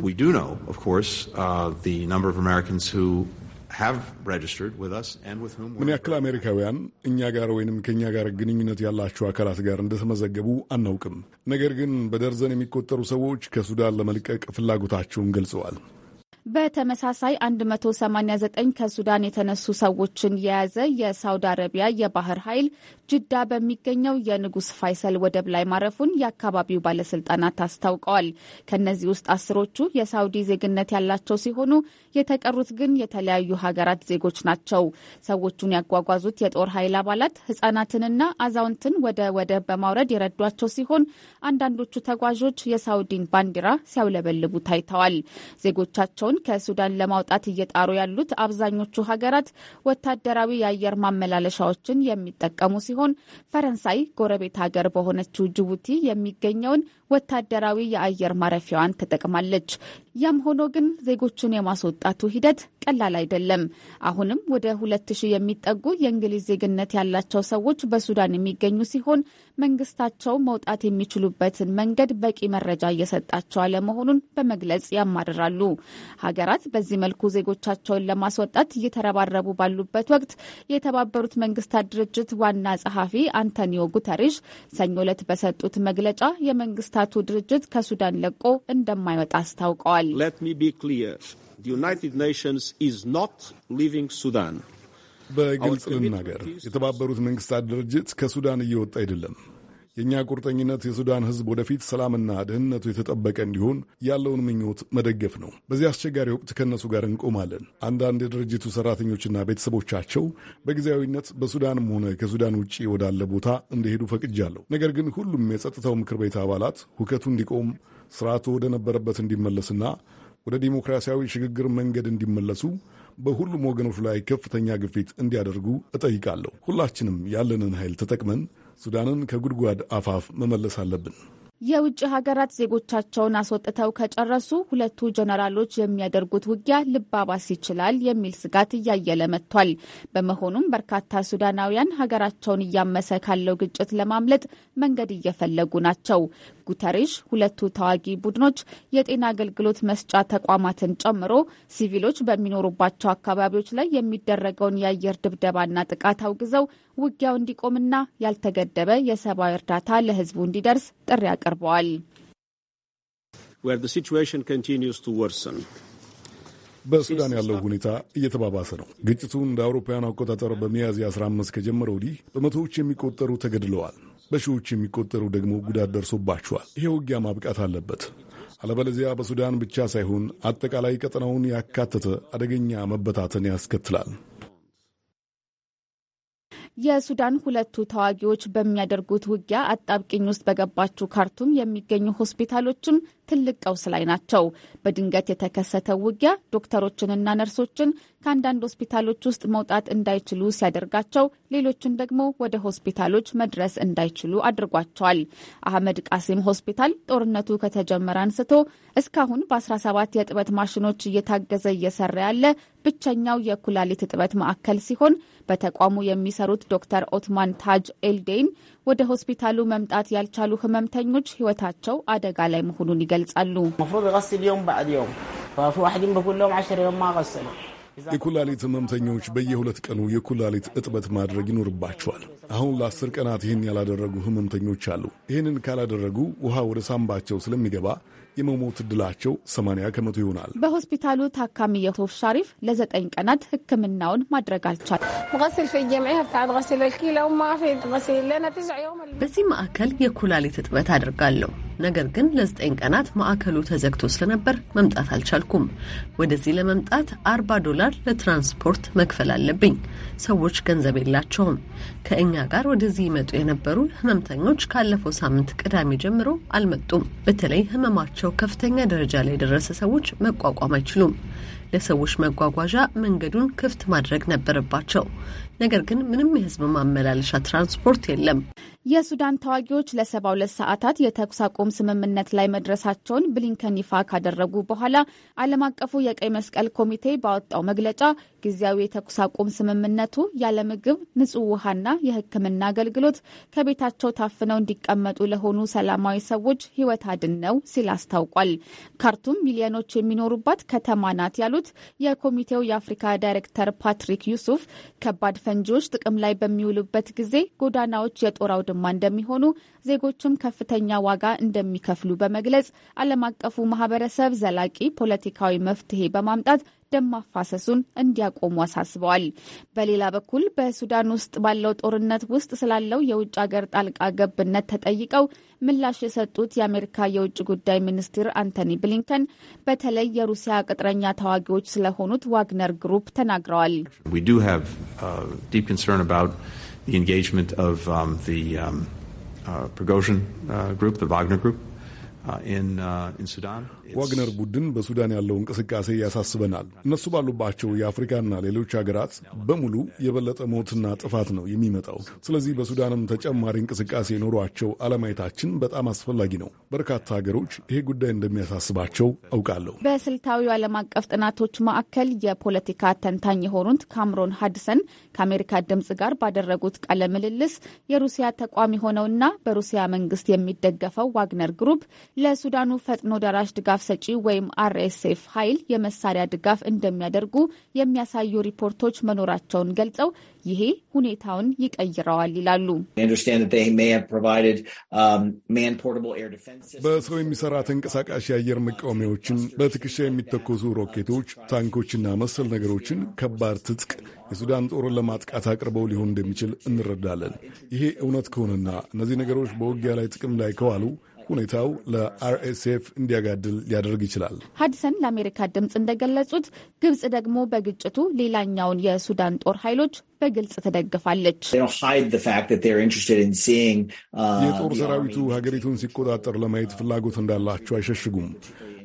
ምን ያክል አሜሪካውያን እኛ ጋር ወይንም ከእኛ ጋር ግንኙነት ያላቸው አካላት ጋር እንደተመዘገቡ አናውቅም። ነገር ግን በደርዘን የሚቆጠሩ ሰዎች ከሱዳን ለመልቀቅ ፍላጎታቸውን ገልጸዋል። በተመሳሳይ 189 ከሱዳን የተነሱ ሰዎችን የያዘ የሳውዲ አረቢያ የባህር ኃይል ጅዳ በሚገኘው የንጉስ ፋይሰል ወደብ ላይ ማረፉን የአካባቢው ባለስልጣናት አስታውቀዋል። ከእነዚህ ውስጥ አስሮቹ የሳውዲ ዜግነት ያላቸው ሲሆኑ የተቀሩት ግን የተለያዩ ሀገራት ዜጎች ናቸው። ሰዎቹን ያጓጓዙት የጦር ኃይል አባላት ህጻናትንና አዛውንትን ወደ ወደብ በማውረድ የረዷቸው ሲሆን አንዳንዶቹ ተጓዦች የሳውዲን ባንዲራ ሲያውለበልቡ ታይተዋል። ዜጎቻቸውን ኢትዮጵያን ከሱዳን ለማውጣት እየጣሩ ያሉት አብዛኞቹ ሀገራት ወታደራዊ የአየር ማመላለሻዎችን የሚጠቀሙ ሲሆን ፈረንሳይ ጎረቤት ሀገር በሆነችው ጅቡቲ የሚገኘውን ወታደራዊ የአየር ማረፊያዋን ተጠቅማለች። ያም ሆኖ ግን ዜጎቹን የማስወጣቱ ሂደት ቀላል አይደለም። አሁንም ወደ ሁለት ሺህ የሚጠጉ የእንግሊዝ ዜግነት ያላቸው ሰዎች በሱዳን የሚገኙ ሲሆን መንግስታቸው መውጣት የሚችሉበትን መንገድ በቂ መረጃ እየሰጣቸው አለመሆኑን በመግለጽ ያማርራሉ። ሀገራት በዚህ መልኩ ዜጎቻቸውን ለማስወጣት እየተረባረቡ ባሉበት ወቅት የተባበሩት መንግስታት ድርጅት ዋና ጸሐፊ አንቶኒዮ ጉተሬሽ ሰኞ ዕለት በሰጡት መግለጫ የመንግስታቱ ድርጅት ከሱዳን ለቆ እንደማይወጣ አስታውቀዋል። ይላል። በግልጽ ልናገር፣ የተባበሩት መንግስታት ድርጅት ከሱዳን እየወጣ አይደለም። የእኛ ቁርጠኝነት የሱዳን ሕዝብ ወደፊት ሰላምና ደህንነቱ የተጠበቀ እንዲሆን ያለውን ምኞት መደገፍ ነው። በዚህ አስቸጋሪ ወቅት ከእነሱ ጋር እንቆማለን። አንዳንድ የድርጅቱ ሰራተኞችና ቤተሰቦቻቸው በጊዜያዊነት በሱዳንም ሆነ ከሱዳን ውጭ ወዳለ ቦታ እንዲሄዱ ፈቅጃለሁ። ነገር ግን ሁሉም የጸጥታው ምክር ቤት አባላት ሁከቱ እንዲቆም ስርዓቱ ወደ ነበረበት እንዲመለስና ወደ ዲሞክራሲያዊ ሽግግር መንገድ እንዲመለሱ በሁሉም ወገኖች ላይ ከፍተኛ ግፊት እንዲያደርጉ እጠይቃለሁ። ሁላችንም ያለንን ኃይል ተጠቅመን ሱዳንን ከጉድጓድ አፋፍ መመለስ አለብን። የውጭ ሀገራት ዜጎቻቸውን አስወጥተው ከጨረሱ ሁለቱ ጀነራሎች የሚያደርጉት ውጊያ ልባባስ ይችላል የሚል ስጋት እያየለ መጥቷል። በመሆኑም በርካታ ሱዳናውያን ሀገራቸውን እያመሰ ካለው ግጭት ለማምለጥ መንገድ እየፈለጉ ናቸው። ጉተሬሽ ሁለቱ ተዋጊ ቡድኖች የጤና አገልግሎት መስጫ ተቋማትን ጨምሮ ሲቪሎች በሚኖሩባቸው አካባቢዎች ላይ የሚደረገውን የአየር ድብደባና ጥቃት አውግዘው ውጊያው እንዲቆምና ያልተገደበ የሰብአዊ እርዳታ ለሕዝቡ እንዲደርስ ጥሪ አቅርበዋል። በሱዳን ያለው ሁኔታ እየተባባሰ ነው። ግጭቱ እንደ አውሮፓውያን አቆጣጠር በሚያዝያ 15 ከጀመረ ወዲህ በመቶዎች የሚቆጠሩ ተገድለዋል። በሺዎች የሚቆጠሩ ደግሞ ጉዳት ደርሶባቸዋል። ይሄ ውጊያ ማብቃት አለበት። አለበለዚያ በሱዳን ብቻ ሳይሆን አጠቃላይ ቀጠናውን ያካተተ አደገኛ መበታተን ያስከትላል። የሱዳን ሁለቱ ተዋጊዎች በሚያደርጉት ውጊያ አጣብቂኝ ውስጥ በገባችው ካርቱም የሚገኙ ሆስፒታሎችም ትልቅ ቀውስ ላይ ናቸው። በድንገት የተከሰተው ውጊያ ዶክተሮችንና ነርሶችን ከአንዳንድ ሆስፒታሎች ውስጥ መውጣት እንዳይችሉ ሲያደርጋቸው፣ ሌሎችን ደግሞ ወደ ሆስፒታሎች መድረስ እንዳይችሉ አድርጓቸዋል። አህመድ ቃሲም ሆስፒታል ጦርነቱ ከተጀመረ አንስቶ እስካሁን በ17 የእጥበት ማሽኖች እየታገዘ እየሰራ ያለ ብቸኛው የኩላሊት እጥበት ማዕከል ሲሆን በተቋሙ የሚሰሩት ዶክተር ኦትማን ታጅ ኤልዴን ወደ ሆስፒታሉ መምጣት ያልቻሉ ህመምተኞች ህይወታቸው አደጋ ላይ መሆኑን ይገ ይገልጻሉ። የኩላሊት ህመምተኞች በየሁለት ቀኑ የኩላሊት እጥበት ማድረግ ይኖርባቸዋል። አሁን ለአስር ቀናት ይህን ያላደረጉ ህመምተኞች አሉ። ይህንን ካላደረጉ ውሃ ወደ ሳምባቸው ስለሚገባ የመሞት ዕድላቸው 80 ከመቶ ይሆናል። በሆስፒታሉ ታካሚ የቶፍ ሻሪፍ ለዘጠኝ ቀናት ሕክምናውን ማድረግ አልቻል። በዚህ ማዕከል የኩላሊት እጥበት አድርጋለሁ። ነገር ግን ለዘጠኝ ቀናት ማዕከሉ ተዘግቶ ስለነበር መምጣት አልቻልኩም። ወደዚህ ለመምጣት 40 ዶላር ለትራንስፖርት መክፈል አለብኝ። ሰዎች ገንዘብ የላቸውም። ከእኛ ጋር ወደዚህ ይመጡ የነበሩ ህመምተኞች ካለፈው ሳምንት ቅዳሜ ጀምሮ አልመጡም። በተለይ ህመማቸው ቁጥራቸው ከፍተኛ ደረጃ ላይ የደረሰ ሰዎች መቋቋም አይችሉም። ለሰዎች መጓጓዣ መንገዱን ክፍት ማድረግ ነበረባቸው። ነገር ግን ምንም የህዝብ ማመላለሻ ትራንስፖርት የለም። የሱዳን ተዋጊዎች ለሰባ ሁለት ሰዓታት የተኩስ አቁም ስምምነት ላይ መድረሳቸውን ብሊንከን ይፋ ካደረጉ በኋላ ዓለም አቀፉ የቀይ መስቀል ኮሚቴ ባወጣው መግለጫ ጊዜያዊ የተኩስ አቁም ስምምነቱ ያለ ምግብ፣ ንጹህ ውሃና የሕክምና አገልግሎት ከቤታቸው ታፍነው እንዲቀመጡ ለሆኑ ሰላማዊ ሰዎች ሕይወት አድን ነው ሲል አስታውቋል። ካርቱም ሚሊዮኖች የሚኖሩባት ከተማ ናት ያሉት የኮሚቴው የአፍሪካ ዳይሬክተር ፓትሪክ ዩሱፍ ከባድ ፈንጂዎች ጥቅም ላይ በሚውሉበት ጊዜ ጎዳናዎች የጦር አውድ ውጤታማ እንደሚሆኑ ዜጎችም ከፍተኛ ዋጋ እንደሚከፍሉ በመግለጽ ዓለም አቀፉ ማህበረሰብ ዘላቂ ፖለቲካዊ መፍትሄ በማምጣት ደም ማፋሰሱን እንዲያቆሙ አሳስበዋል። በሌላ በኩል በሱዳን ውስጥ ባለው ጦርነት ውስጥ ስላለው የውጭ ሀገር ጣልቃ ገብነት ተጠይቀው ምላሽ የሰጡት የአሜሪካ የውጭ ጉዳይ ሚኒስትር አንቶኒ ብሊንከን በተለይ የሩሲያ ቅጥረኛ ተዋጊዎች ስለሆኑት ዋግነር ግሩፕ ተናግረዋል። the engagement of um, the um, uh, Prigozhin uh, group, the Wagner group uh, in, uh, in Sudan. ዋግነር ቡድን በሱዳን ያለው እንቅስቃሴ ያሳስበናል። እነሱ ባሉባቸው የአፍሪካና ሌሎች ሀገራት በሙሉ የበለጠ ሞትና ጥፋት ነው የሚመጣው። ስለዚህ በሱዳንም ተጨማሪ እንቅስቃሴ ኖሯቸው አለማየታችን በጣም አስፈላጊ ነው። በርካታ ሀገሮች ይሄ ጉዳይ እንደሚያሳስባቸው አውቃለሁ። በስልታዊው ዓለም አቀፍ ጥናቶች ማዕከል የፖለቲካ ተንታኝ የሆኑት ካምሮን ሀድሰን ከአሜሪካ ድምጽ ጋር ባደረጉት ቃለ ምልልስ የሩሲያ ተቋም የሆነውና በሩሲያ መንግስት የሚደገፈው ዋግነር ግሩፕ ለሱዳኑ ፈጥኖ ደራሽ ድጋፍ ድጋፍ ሰጪ ወይም አርኤስኤፍ ኃይል የመሳሪያ ድጋፍ እንደሚያደርጉ የሚያሳዩ ሪፖርቶች መኖራቸውን ገልጸው ይሄ ሁኔታውን ይቀይረዋል ይላሉ። um, በሰው የሚሰራ ተንቀሳቃሽ የአየር መቃወሚያዎችን፣ በትከሻ የሚተኮሱ ሮኬቶች፣ ታንኮችና መሰል ነገሮችን ከባድ ትጥቅ የሱዳን ጦርን ለማጥቃት አቅርበው ሊሆን እንደሚችል እንረዳለን። ይሄ እውነት ከሆነና እነዚህ ነገሮች በውጊያ ላይ ጥቅም ላይ ከዋሉ ሁኔታው ለአርኤስኤፍ እንዲያጋድል ሊያደርግ ይችላል። ሀዲሰን ለአሜሪካ ድምፅ እንደገለጹት ግብጽ ደግሞ በግጭቱ ሌላኛውን የሱዳን ጦር ኃይሎች በግልጽ ተደግፋለች። uh, የጦር ሰራዊቱ ሀገሪቱን ሲቆጣጠር ለማየት ፍላጎት እንዳላቸው አይሸሽጉም።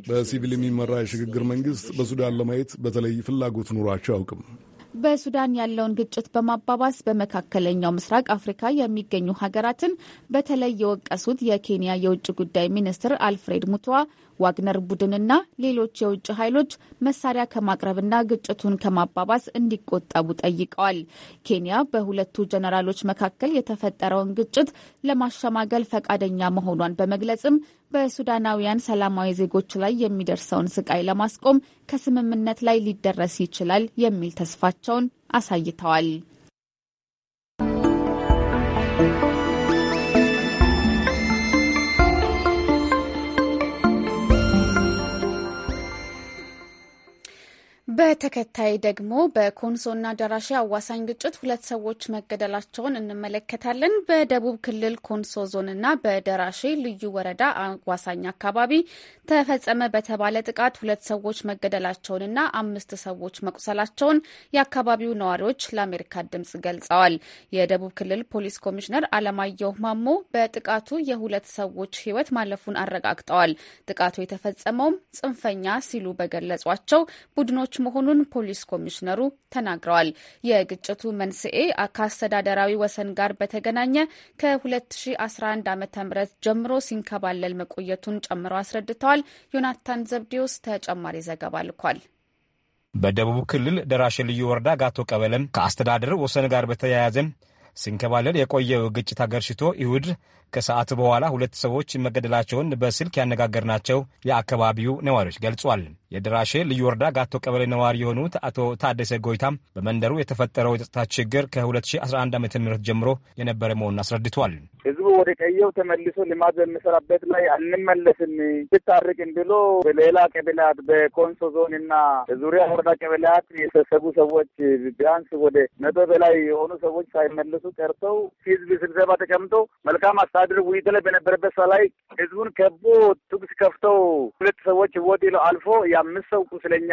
በሲቪል የሚመራ የሽግግር መንግስት በሱዳን ለማየት በተለይ ፍላጎት ኑሯቸው አያውቅም። በሱዳን ያለውን ግጭት በማባባስ በመካከለኛው ምስራቅ አፍሪካ የሚገኙ ሀገራትን በተለይ የወቀሱት የኬንያ የውጭ ጉዳይ ሚኒስትር አልፍሬድ ሙቷ ዋግነር ቡድንና ሌሎች የውጭ ኃይሎች መሳሪያ ከማቅረብና ግጭቱን ከማባባስ እንዲቆጠቡ ጠይቀዋል። ኬንያ በሁለቱ ጀነራሎች መካከል የተፈጠረውን ግጭት ለማሸማገል ፈቃደኛ መሆኗን በመግለጽም በሱዳናውያን ሰላማዊ ዜጎች ላይ የሚደርሰውን ስቃይ ለማስቆም ከስምምነት ላይ ሊደረስ ይችላል የሚል ተስፋቸውን አሳይተዋል። በተከታይ ደግሞ በኮንሶና ደራሼ አዋሳኝ ግጭት ሁለት ሰዎች መገደላቸውን እንመለከታለን። በደቡብ ክልል ኮንሶ ዞንና በደራሼ ልዩ ወረዳ አዋሳኝ አካባቢ ተፈጸመ በተባለ ጥቃት ሁለት ሰዎች መገደላቸውንና አምስት ሰዎች መቁሰላቸውን የአካባቢው ነዋሪዎች ለአሜሪካ ድምጽ ገልጸዋል። የደቡብ ክልል ፖሊስ ኮሚሽነር አለማየሁ ማሞ በጥቃቱ የሁለት ሰዎች ሕይወት ማለፉን አረጋግጠዋል። ጥቃቱ የተፈጸመውም ጽንፈኛ ሲሉ በገለጿቸው ቡድኖች መሆኑን ፖሊስ ኮሚሽነሩ ተናግረዋል። የግጭቱ መንስኤ ከአስተዳደራዊ ወሰን ጋር በተገናኘ ከ2011 ዓ ም ጀምሮ ሲንከባለል መቆየቱን ጨምሮ አስረድተዋል። ዮናታን ዘብዴዎስ ተጨማሪ ዘገባ ልኳል። በደቡብ ክልል ደራሼ ልዩ ወረዳ ጋቶ ቀበለም ከአስተዳደር ወሰን ጋር በተያያዘ ሲንከባለል የቆየው ግጭት አገርሽቶ ይሁድ ከሰዓት በኋላ ሁለት ሰዎች መገደላቸውን በስልክ ያነጋገርናቸው የአካባቢው ነዋሪዎች ገልጿል። የድራሼ ልዩ ወረዳ ጋቶ ቀበሌ ነዋሪ የሆኑት አቶ ታደሰ ጎይታም በመንደሩ የተፈጠረው የጸጥታ ችግር ከ2011 ዓ ም ጀምሮ የነበረ መሆኑን አስረድቷል። ህዝቡ ወደ ቀየው ተመልሶ ልማት በሚሰራበት ላይ አንመለስም ስታርቅን ብሎ በሌላ ቀበሌያት በኮንሶ ዞን እና ዙሪያ ወረዳ ቀበሌያት የሰሰቡ ሰዎች ቢያንስ ወደ መቶ በላይ የሆኑ ሰዎች ሳይመለሱ ቀርተው ህዝብ ስብሰባ ተቀምጦ መልካም አስተዳደር ውይይት ላይ በነበረበት ሰ ላይ ህዝቡን ከቦ ትኩስ ከፍተው ሁለት ሰዎች ወጥ አልፎ የአምስት ሰው ቁስለኛ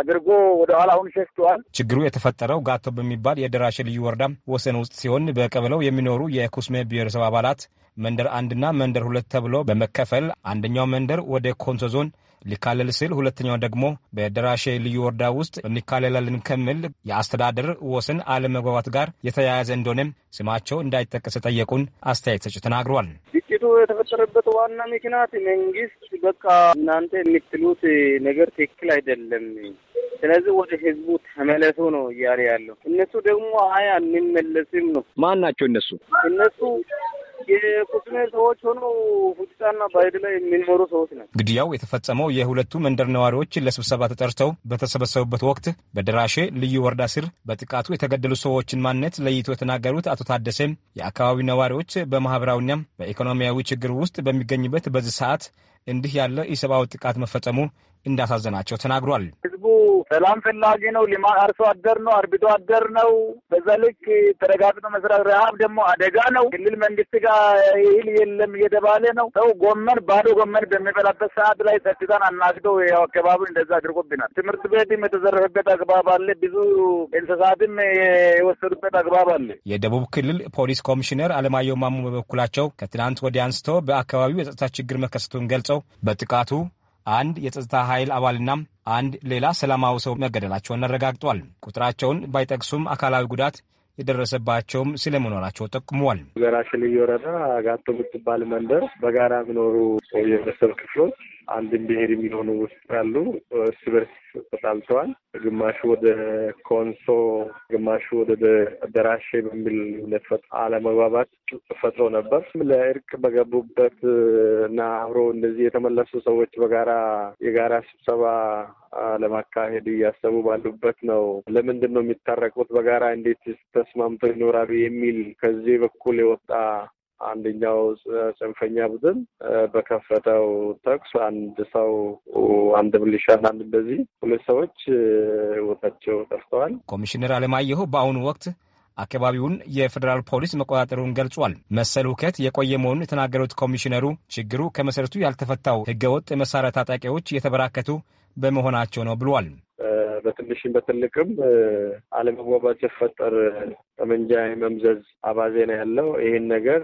አድርጎ ወደኋላ አሁን ሸሽተዋል። ችግሩ የተፈጠረው ጋቶ በሚባል የደራሸ ልዩ ወረዳ ወሰን ውስጥ ሲሆን በቀበሌው የሚኖሩ የኩስሜ ብሔረሰብ አባላት መንደር አንድና መንደር ሁለት ተብሎ በመከፈል አንደኛው መንደር ወደ ኮንሶ ዞን ሊካለል ሲል፣ ሁለተኛው ደግሞ በደራሼ ልዩ ወረዳ ውስጥ በሚካለላልን ከሚል የአስተዳደር ወሰን አለመግባባት ጋር የተያያዘ እንደሆነም ስማቸው እንዳይጠቀስ የጠየቁን አስተያየት ሰጭ ተናግሯል። ግጭቱ የተፈጠረበት ዋና ምክንያት መንግስት በቃ እናንተ የምትሉት ነገር ትክክል አይደለም ስለዚህ ወደ ህዝቡ ተመለሱ ነው እያለ ያለው። እነሱ ደግሞ አይ አንመለስም ነው። ማን ናቸው እነሱ? እነሱ የኩስሜ ሰዎች ሆኖ ሁጫና ባይድ ላይ የሚኖሩ ሰዎች ነው። ግድያው የተፈጸመው የሁለቱ መንደር ነዋሪዎች ለስብሰባ ተጠርተው በተሰበሰቡበት ወቅት በደራሼ ልዩ ወረዳ ስር በጥቃቱ የተገደሉ ሰዎችን ማንነት ለይቶ የተናገሩት አቶ ታደሰ የአካባቢው ነዋሪዎች በማህበራዊና በኢኮኖሚያዊ ችግር ውስጥ በሚገኝበት በዚህ ሰዓት እንዲህ ያለ ኢሰብአዊ ጥቃት መፈጸሙ እንዳሳዘናቸው ተናግሯል። ህዝቡ ሰላም ፈላጊ ነው። ልማ አርሶ አደር ነው፣ አርብቶ አደር ነው። በዛ ልክ ተረጋግጦ መስራት ረሃብ ደግሞ አደጋ ነው። ክልል መንግስት ጋር ይህል የለም እየተባለ ነው። ሰው ጎመን ባዶ ጎመን በሚበላበት ሰዓት ላይ ጸጥታን አናግደው ያው አካባቢውን እንደዛ አድርጎብናል። ትምህርት ቤትም የተዘረፈበት አግባብ አለ። ብዙ እንስሳትም የወሰዱበት አግባብ አለ። የደቡብ ክልል ፖሊስ ኮሚሽነር አለማየሁ ማሙ በበኩላቸው ከትናንት ወዲያ አንስቶ በአካባቢው የጸጥታ ችግር መከሰቱን ገልጸው በጥቃቱ አንድ የጸጥታ ኃይል አባልና አንድ ሌላ ሰላማዊ ሰው መገደላቸውን አረጋግጧል። ቁጥራቸውን ባይጠቅሱም አካላዊ ጉዳት የደረሰባቸውም ስለመኖራቸው ጠቁመዋል። ገራሽ ልዩ ጋቶ የምትባል መንደር በጋራ የሚኖሩ የህብረተሰብ ክፍሎች አንድን ብሔር የሚሆኑ ውስጥ ያሉ እርስ በርስ ተጣልተዋል። ግማሹ ወደ ኮንሶ፣ ግማሹ ወደ ደራሼ በሚል አለመግባባት ፈጥሮ ነበር። ለእርቅ በገቡበት እና አብሮ እንደዚህ የተመለሱ ሰዎች በጋራ የጋራ ስብሰባ ለማካሄድ እያሰቡ ባሉበት ነው። ለምንድን ነው የሚታረቁት? በጋራ እንዴት ተስማምቶ ይኖራሉ? የሚል ከዚህ በኩል የወጣ አንደኛው ጽንፈኛ ቡድን በከፈተው ተኩስ አንድ ሰው አንድ ብልሻል አንድ እንደዚህ ሁለት ሰዎች ህይወታቸው ጠፍተዋል። ኮሚሽነር አለማየሁ በአሁኑ ወቅት አካባቢውን የፌዴራል ፖሊስ መቆጣጠሩን ገልጿል። መሰል ውከት የቆየ መሆኑን የተናገሩት ኮሚሽነሩ ችግሩ ከመሰረቱ ያልተፈታው ህገወጥ የመሳሪያ ታጣቂዎች የተበራከቱ በመሆናቸው ነው ብሏል። በትንሽም በትልቅም አለመግባባት ሲፈጠር ጠመንጃ መምዘዝ አባዜ ነው ያለው። ይህን ነገር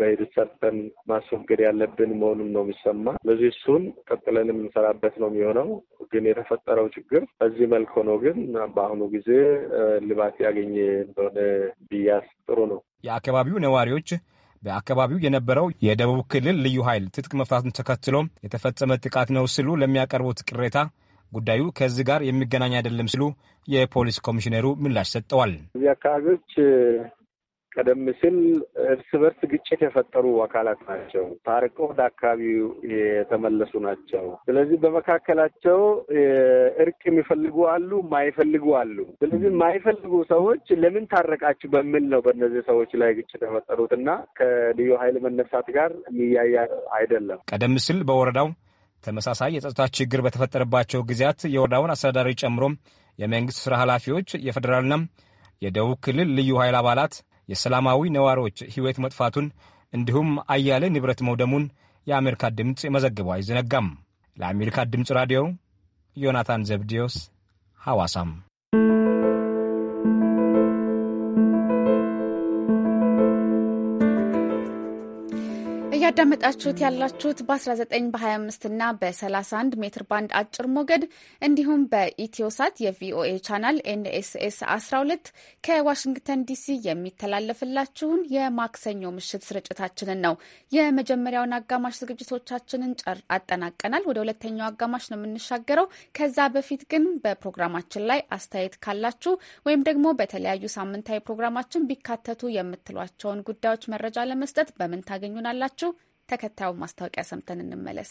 በሂደት ሰርተን ማስወገድ ያለብን መሆኑን ነው የሚሰማ። ስለዚህ እሱን ቀጥለን የምንሰራበት ነው የሚሆነው። ግን የተፈጠረው ችግር በዚህ መልክ ሆኖ ግን በአሁኑ ጊዜ ልባት ያገኘ እንደሆነ ብያስ ጥሩ ነው። የአካባቢው ነዋሪዎች በአካባቢው የነበረው የደቡብ ክልል ልዩ ኃይል ትጥቅ መፍታትን ተከትሎ የተፈጸመ ጥቃት ነው ስሉ ለሚያቀርቡት ቅሬታ ጉዳዩ ከዚህ ጋር የሚገናኝ አይደለም ሲሉ የፖሊስ ኮሚሽነሩ ምላሽ ሰጥተዋል። እዚህ አካባቢዎች ቀደም ሲል እርስ በርስ ግጭት የፈጠሩ አካላት ናቸው። ታርቀው ወደ አካባቢው የተመለሱ ናቸው። ስለዚህ በመካከላቸው እርቅ የሚፈልጉ አሉ፣ ማይፈልጉ አሉ። ስለዚህ ማይፈልጉ ሰዎች ለምን ታረቃችሁ በሚል ነው በእነዚህ ሰዎች ላይ ግጭት የፈጠሩት እና ከልዩ ኃይል መነሳት ጋር የሚያያ አይደለም። ቀደም ሲል በወረዳው ተመሳሳይ የጸጥታ ችግር በተፈጠረባቸው ጊዜያት የወረዳውን አስተዳዳሪ ጨምሮ የመንግሥት ሥራ ኃላፊዎች፣ የፌዴራልና የደቡብ ክልል ልዩ ኃይል አባላት የሰላማዊ ነዋሪዎች ሕይወት መጥፋቱን እንዲሁም አያሌ ንብረት መውደሙን የአሜሪካ ድምፅ መዘግበ አይዘነጋም። ለአሜሪካ ድምፅ ራዲዮ ዮናታን ዘብዲዮስ ሐዋሳም እያዳመጣችሁት ያላችሁት በ19 በ25 እና በ31 ሜትር ባንድ አጭር ሞገድ እንዲሁም በኢትዮሳት የቪኦኤ ቻናል ኤንኤስኤስ 12 ከዋሽንግተን ዲሲ የሚተላለፍላችሁን የማክሰኞ ምሽት ስርጭታችንን ነው። የመጀመሪያውን አጋማሽ ዝግጅቶቻችንን አጠናቀናል። ወደ ሁለተኛው አጋማሽ ነው የምንሻገረው። ከዛ በፊት ግን በፕሮግራማችን ላይ አስተያየት ካላችሁ ወይም ደግሞ በተለያዩ ሳምንታዊ ፕሮግራማችን ቢካተቱ የምትሏቸውን ጉዳዮች መረጃ ለመስጠት በምን ታገኙናላችሁ? ተከታዩን ማስታወቂያ ሰምተን እንመለስ።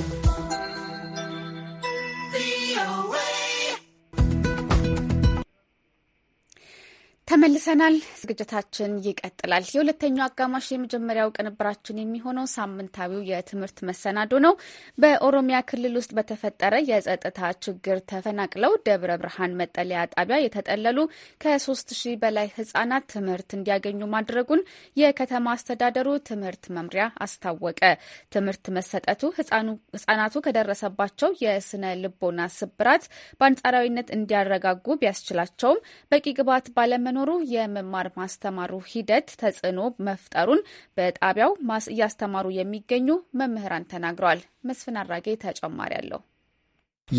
ተመልሰናል። ዝግጅታችን ይቀጥላል። የሁለተኛው አጋማሽ የመጀመሪያው ቅንብራችን የሚሆነው ሳምንታዊው የትምህርት መሰናዶ ነው። በኦሮሚያ ክልል ውስጥ በተፈጠረ የጸጥታ ችግር ተፈናቅለው ደብረ ብርሃን መጠለያ ጣቢያ የተጠለሉ ከሶስት ሺህ በላይ ህጻናት ትምህርት እንዲያገኙ ማድረጉን የከተማ አስተዳደሩ ትምህርት መምሪያ አስታወቀ። ትምህርት መሰጠቱ ህጻናቱ ከደረሰባቸው የስነ ልቦና ስብራት በአንጻራዊነት እንዲያረጋጉ ቢያስችላቸውም በቂ ግብዓት ባለመኖ መኖሩ የመማር ማስተማሩ ሂደት ተጽዕኖ መፍጠሩን በጣቢያው እያስተማሩ የሚገኙ መምህራን ተናግረዋል። መስፍን አራጌ ተጨማሪ አለው።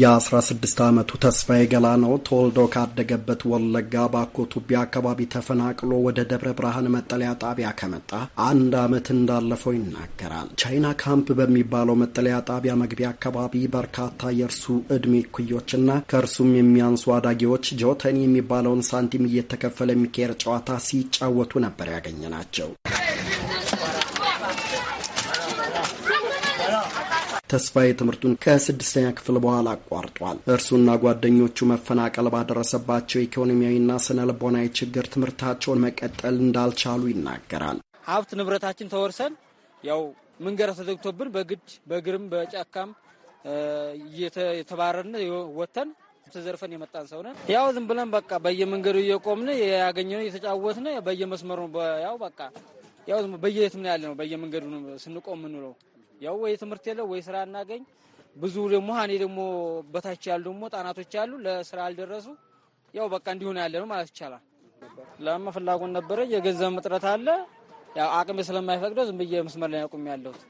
የ16 ዓመቱ ተስፋዬ ነው ተወልዶ ካደገበት ወለጋ ባኮ አካባቢ ተፈናቅሎ ወደ ደብረ ብርሃን መጠለያ ጣቢያ ከመጣ አንድ ዓመት እንዳለፈው ይናገራል። ቻይና ካምፕ በሚባለው መጠለያ ጣቢያ መግቢያ አካባቢ በርካታ የእርሱ እድሜ ኩዮችና ከእርሱም የሚያንሱ አዳጊዎች ጆተኒ የሚባለውን ሳንቲም እየተከፈለ የሚካሄድ ጨዋታ ሲጫወቱ ነበር ያገኘናቸው። ተስፋዬ ትምህርቱን ከስድስተኛ ክፍል በኋላ አቋርጧል። እርሱና ጓደኞቹ መፈናቀል ባደረሰባቸው ኢኮኖሚያዊና ስነ ልቦናዊ ችግር ትምህርታቸውን መቀጠል እንዳልቻሉ ይናገራል። ሀብት ንብረታችን ተወርሰን ያው መንገድ ተዘግቶብን በግድ በእግርም በጫካም እየተባረርን ወጥተን ተዘርፈን የመጣን ሰው ነን። ያው ዝም ብለን በቃ በየመንገዱ እየቆምን ያገኘነው እየተጫወትን በየመስመሩ ያው በቃ ያው በየትም ያለ ነው። በየመንገዱ ስንቆም ምንለው ያው ወይ ትምህርት የለ ወይ ስራ እናገኝ ብዙ ደግሞ ሀኔ ደግሞ በታች ያሉ ደግሞ ጣናቶች አሉ ለስራ አልደረሱ ያው በቃ እንዲሆን ያለ ነው ማለት ይቻላል። ለማ ፍላጎት ነበረ የገንዘብ እጥረት አለ። ያው አቅሜ ስለማይፈቅደው ዝም ብዬ መስመር ላይ አቁሜ ያለሁት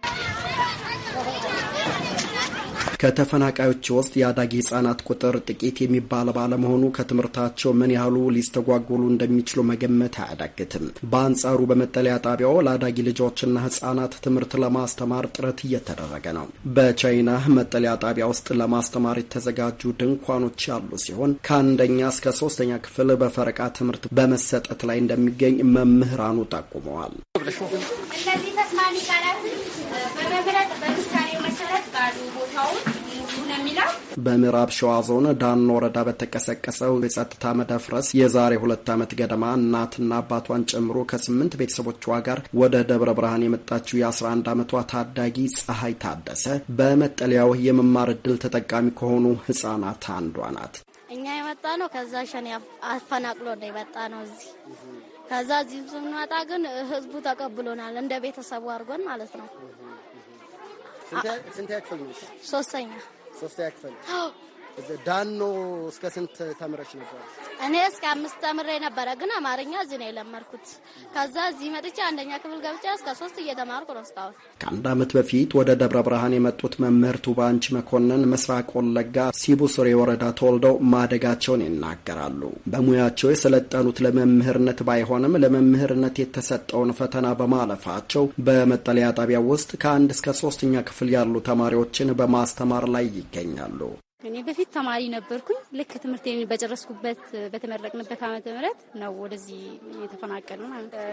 ከተፈናቃዮች ውስጥ የአዳጊ ህጻናት ቁጥር ጥቂት የሚባል ባለመሆኑ ከትምህርታቸው ምን ያህሉ ሊስተጓጎሉ እንደሚችሉ መገመት አያዳግትም። በአንጻሩ በመጠለያ ጣቢያው ለአዳጊ ልጆችና ህጻናት ትምህርት ለማስተማር ጥረት እየተደረገ ነው። በቻይና መጠለያ ጣቢያ ውስጥ ለማስተማር የተዘጋጁ ድንኳኖች ያሉ ሲሆን ከአንደኛ እስከ ሶስተኛ ክፍል በፈረቃ ትምህርት በመሰጠት ላይ እንደሚገኝ መምህራኑ ጠቁመዋል። እነዚህ ተስማሚ ቃላት በመምረጥ በምሳሌ መሰረት ባሉ ቦታዎች የሚለው። በምዕራብ ሸዋ ዞን ዳኖ ወረዳ በተቀሰቀሰው የጸጥታ መደፍረስ የዛሬ ሁለት ዓመት ገደማ እናትና አባቷን ጨምሮ ከስምንት ቤተሰቦቿ ጋር ወደ ደብረ ብርሃን የመጣችው የ11 ዓመቷ ታዳጊ ፀሐይ ታደሰ በመጠለያው የመማር ዕድል ተጠቃሚ ከሆኑ ህጻናት አንዷ ናት። እኛ የመጣ ነው ከዛ ሸኔ አፈናቅሎ ነው የመጣ ነው እዚህ ከዛ እዚህ ስንመጣ ግን ህዝቡ ተቀብሎናል፣ እንደ ቤተሰቡ አድርጎን ማለት ነው። ነሽ? ሶስተኛ So stay excellent. ዳኖ እስከ ስንት ተምረች ነበር? እኔ እስከ አምስት ተምሬ ነበረ፣ ግን አማርኛ እዚህ ነው የለመድኩት። ከዛ እዚህ መጥቼ አንደኛ ክፍል ገብቼ እስከ ሶስት እየተማርኩ ነው እስካሁን። ከአንድ አመት በፊት ወደ ደብረ ብርሃን የመጡት መምህርቱ ቱባንች መኮንን ምስራቅ ወለጋ ሲቡስሬ ወረዳ ተወልደው ማደጋቸውን ይናገራሉ። በሙያቸው የሰለጠኑት ለመምህርነት ባይሆንም ለመምህርነት የተሰጠውን ፈተና በማለፋቸው በመጠለያ ጣቢያ ውስጥ ከአንድ እስከ ሶስተኛ ክፍል ያሉ ተማሪዎችን በማስተማር ላይ ይገኛሉ። እኔ በፊት ተማሪ ነበርኩኝ። ልክ ትምህርት በጨረስኩበት በተመረቅንበት ዓመተ ምህረት ነው ወደዚህ የተፈናቀሉ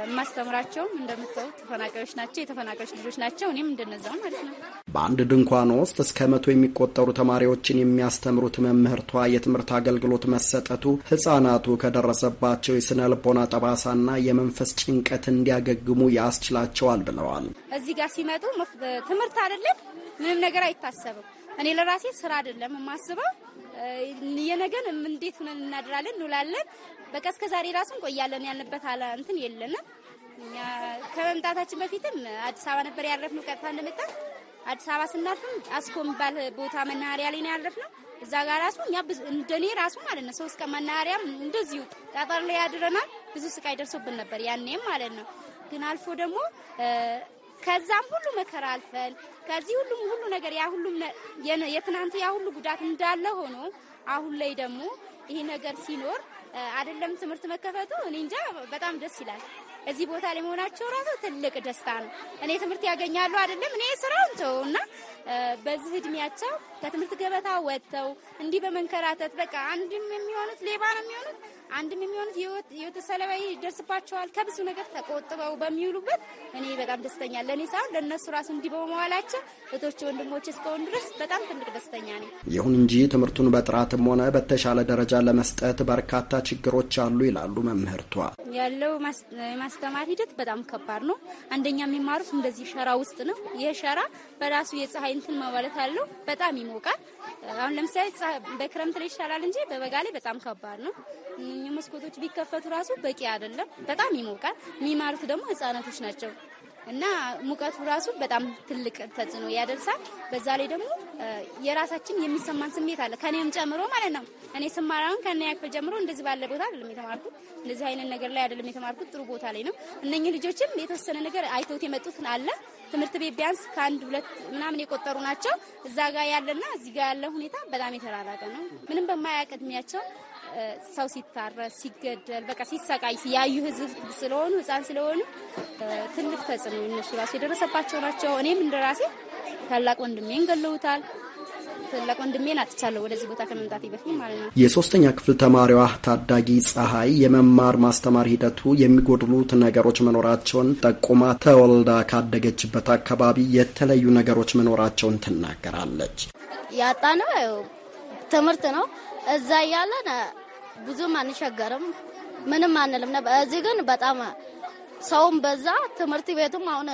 የማስተምራቸውም እንደምታዩት ተፈናቃዮች ናቸው። የተፈናቃዮች ልጆች ናቸው። እኔም እንደነዛው ማለት ነው። በአንድ ድንኳን ውስጥ እስከ መቶ የሚቆጠሩ ተማሪዎችን የሚያስተምሩት መምህርቷ የትምህርት አገልግሎት መሰጠቱ ህጻናቱ ከደረሰባቸው የስነ ልቦና ጠባሳና የመንፈስ ጭንቀት እንዲያገግሙ ያስችላቸዋል ብለዋል። እዚህ ጋር ሲመጡ ትምህርት አይደለም ምንም ነገር አይታሰብም እኔ ለራሴ ስራ አይደለም የማስበው የነገን እንዴት ሆነን እናድራለን እንውላለን። በቃ እስከ ዛሬ ራሱ እንቆያለን ያልንበት አለ እንትን የለንም። እኛ ከመምጣታችን በፊትም አዲስ አበባ ነበር ያረፍነው። ቀጥታ እንደመጣ አዲስ አበባ ስናርፍም አስኮ የሚባል ቦታ መናኸሪያ ላይ ነው ያረፍነው። እዛ ጋር ራሱ እኛ እንደኔ ራሱ ማለት ነው ሶስት ቀን መናኸሪያም እንደዚሁ ጠጠር ላይ ያድረናል። ብዙ ስቃይ ደርሶብን ነበር ያኔም ማለት ነው። ግን አልፎ ደግሞ ከዛም ሁሉ መከራ አልፈን ከዚህ ሁሉም ሁሉ ነገር ያ ሁሉም የትናንት ያ ሁሉ ጉዳት እንዳለ ሆኖ አሁን ላይ ደግሞ ይሄ ነገር ሲኖር አይደለም ትምህርት መከፈቱ እኔ እንጃ በጣም ደስ ይላል። እዚህ ቦታ ላይ መሆናቸው ራሱ ትልቅ ደስታ ነው። እኔ ትምህርት ያገኛሉ አይደለም እኔ ስራውን ተው እና በዚህ እድሜያቸው ከትምህርት ገበታ ወጥተው እንዲህ በመንከራተት በቃ አንድም የሚሆኑት ሌባ ነው የሚሆኑት አንድም የሚሆኑት የህይወት ሰለባ ይደርስባቸዋል። ከብዙ ነገር ተቆጥበው በሚውሉበት እኔ በጣም ደስተኛ ለእኔ ሳይሆን ለእነሱ ራሱ እንዲህ በመዋላቸው እህቶች ወንድሞች እስከሆኑ ድረስ በጣም ትልቅ ደስተኛ ነኝ። ይሁን እንጂ ትምህርቱን በጥራትም ሆነ በተሻለ ደረጃ ለመስጠት በርካታ ችግሮች አሉ ይላሉ መምህርቷ። ያለው የማስተማር ሂደት በጣም ከባድ ነው። አንደኛ የሚማሩት እንደዚህ ሸራ ውስጥ ነው። ይህ ሸራ በራሱ የፀሐይ እንትን መባለት አለው። በጣም ይሞቃል። አሁን ለምሳሌ በክረምት ላይ ይሻላል እንጂ በበጋ ላይ በጣም ከባድ ነው። መስኮቶች ቢከፈቱ ራሱ በቂ አይደለም። በጣም ይሞቃል። የሚማሩት ደግሞ ህጻናቶች ናቸው እና ሙቀቱ ራሱ በጣም ትልቅ ተጽዕኖ ያደርሳል። በዛ ላይ ደግሞ የራሳችን የሚሰማን ስሜት አለ ከኔም ጨምሮ ማለት ነው። እኔ ስማራውን ከነ ያክፍል ጀምሮ እንደዚህ ባለ ቦታ አይደለም የተማርኩት፣ እንደዚህ አይነት ነገር ላይ አይደለም የተማርኩት። ጥሩ ቦታ ላይ ነው። እነኚህ ልጆችም የተወሰነ ነገር አይተውት የመጡት አለ ትምህርት ቤት ቢያንስ ከአንድ ሁለት ምናምን የቆጠሩ ናቸው። እዛ ጋር ያለና እዚህ ጋር ያለ ሁኔታ በጣም የተራራቀ ነው። ምንም በማያውቅ እድሜያቸው ሰው ሲታረስ፣ ሲገደል፣ በቃ ሲሰቃይ ያዩ ህዝብ ስለሆኑ ህፃን ስለሆኑ ትልቅ ተጽዕኖ እነሱ ራሱ የደረሰባቸው ናቸው። እኔም እንደራሴ ታላቅ ወንድሜን ገለውታል። ታላቅ ወንድሜን አጥቻለሁ። ወደዚህ ቦታ ከመምጣት በፊት ማለት ነው። የሶስተኛ ክፍል ተማሪዋ ታዳጊ ፀሐይ የመማር ማስተማር ሂደቱ የሚጎድሉት ነገሮች መኖራቸውን ጠቁማ ተወልዳ ካደገችበት አካባቢ የተለዩ ነገሮች መኖራቸውን ትናገራለች። ያጣ ነው ትምህርት ነው እዛ እያለን ብዙም አንቸገርም፣ ምንም አንልም ነበር። እዚህ ግን በጣም ሰውም በዛ፣ ትምህርት ቤቱም አሁን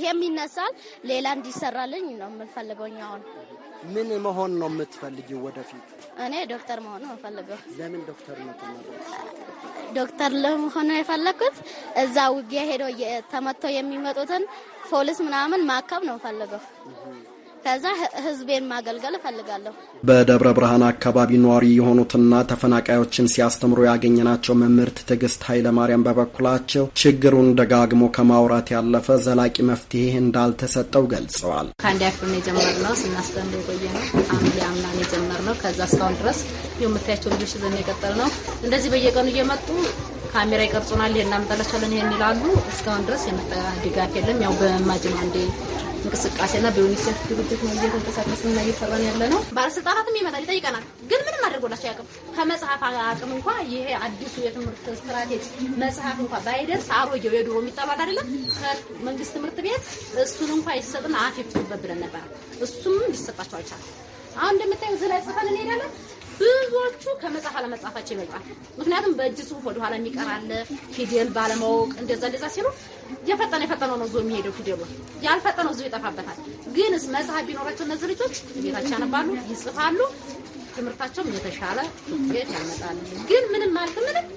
ይሄም ይነሳል። ሌላ እንዲሰራልኝ ነው የምንፈልገው። አሁን ምን መሆን ነው የምትፈልጊው ወደፊት? እኔ ዶክተር መሆን ነው የምፈልገው። ለምን ዶክተር ነው? ዶክተር ለመሆን ነው የፈለግኩት። እዛ ውጊያ ሄዶ ተመተው የሚመጡትን ፖሊስ ምናምን ማከም ነው የምፈልገው። ከዛ ህዝቤን ማገልገል እፈልጋለሁ። በደብረ ብርሃን አካባቢ ነዋሪ የሆኑትና ተፈናቃዮችን ሲያስተምሩ ያገኘናቸው መምህርት ትዕግስት ኃይለማርያም በበኩላቸው ችግሩን ደጋግሞ ከማውራት ያለፈ ዘላቂ መፍትሄ እንዳልተሰጠው ገልጸዋል። ከአንድ ያክል የጀመርነው ስናስተምር የቆየ ነው። አምናን የጀመርነው ከዛ እስካሁን ድረስ የምታያቸው ልጆች ዘን የቀጠል ነው። እንደዚህ በየቀኑ እየመጡ ካሜራ ይቀርጹናል። ይሄን እናመጣላችኋለን፣ ይሄን ይላሉ። እስካሁን ድረስ የመጣ ድጋፍ የለም። ያው በማጅማ እንዴ እንቅስቃሴና በዩኒሴፍ ድርጅት ነው እየተንቀሳቀስና እየሰራን ያለ ነው። ባለስልጣናትም ይመጣል ይጠይቀናል፣ ግን ምንም አድርጎላቸው ያቅም ከመጽሐፍ አቅም እንኳ ይሄ አዲሱ የትምህርት ስትራቴጂ መጽሐፍ እንኳ ባይደርስ አሮጌው የድሮ የሚጠባል አይደለም ከመንግስት ትምህርት ቤት እሱን እንኳ ይሰጥን አፍ ይፍቱበት ብለን ነበረ። እሱም ሊሰጣቸው አይቻልም። አሁን እንደምታየው እዚህ ላይ ጽፈን እንሄዳለን ብዙዎቹ ከመጽሐፍ አለመጽሐፋቸው ይበልጣል። ምክንያቱም በእጅ ጽሁፍ ወደኋላ የሚቀራለ ፊደል ባለማወቅ እንደዛ እንደዛ ሲሉ የፈጠነ የፈጠነው ነው ዞ የሚሄደው ፊደሉ ያልፈጠነው ዞ ይጠፋበታል። ግንስ መጽሐፍ ቢኖራቸው እነዚህ ልጆች ቤታቸው ያነባሉ፣ ይጽፋሉ፣ ትምህርታቸውም የተሻለ ውጤት ያመጣል። ግን ምንም ማለት ምንም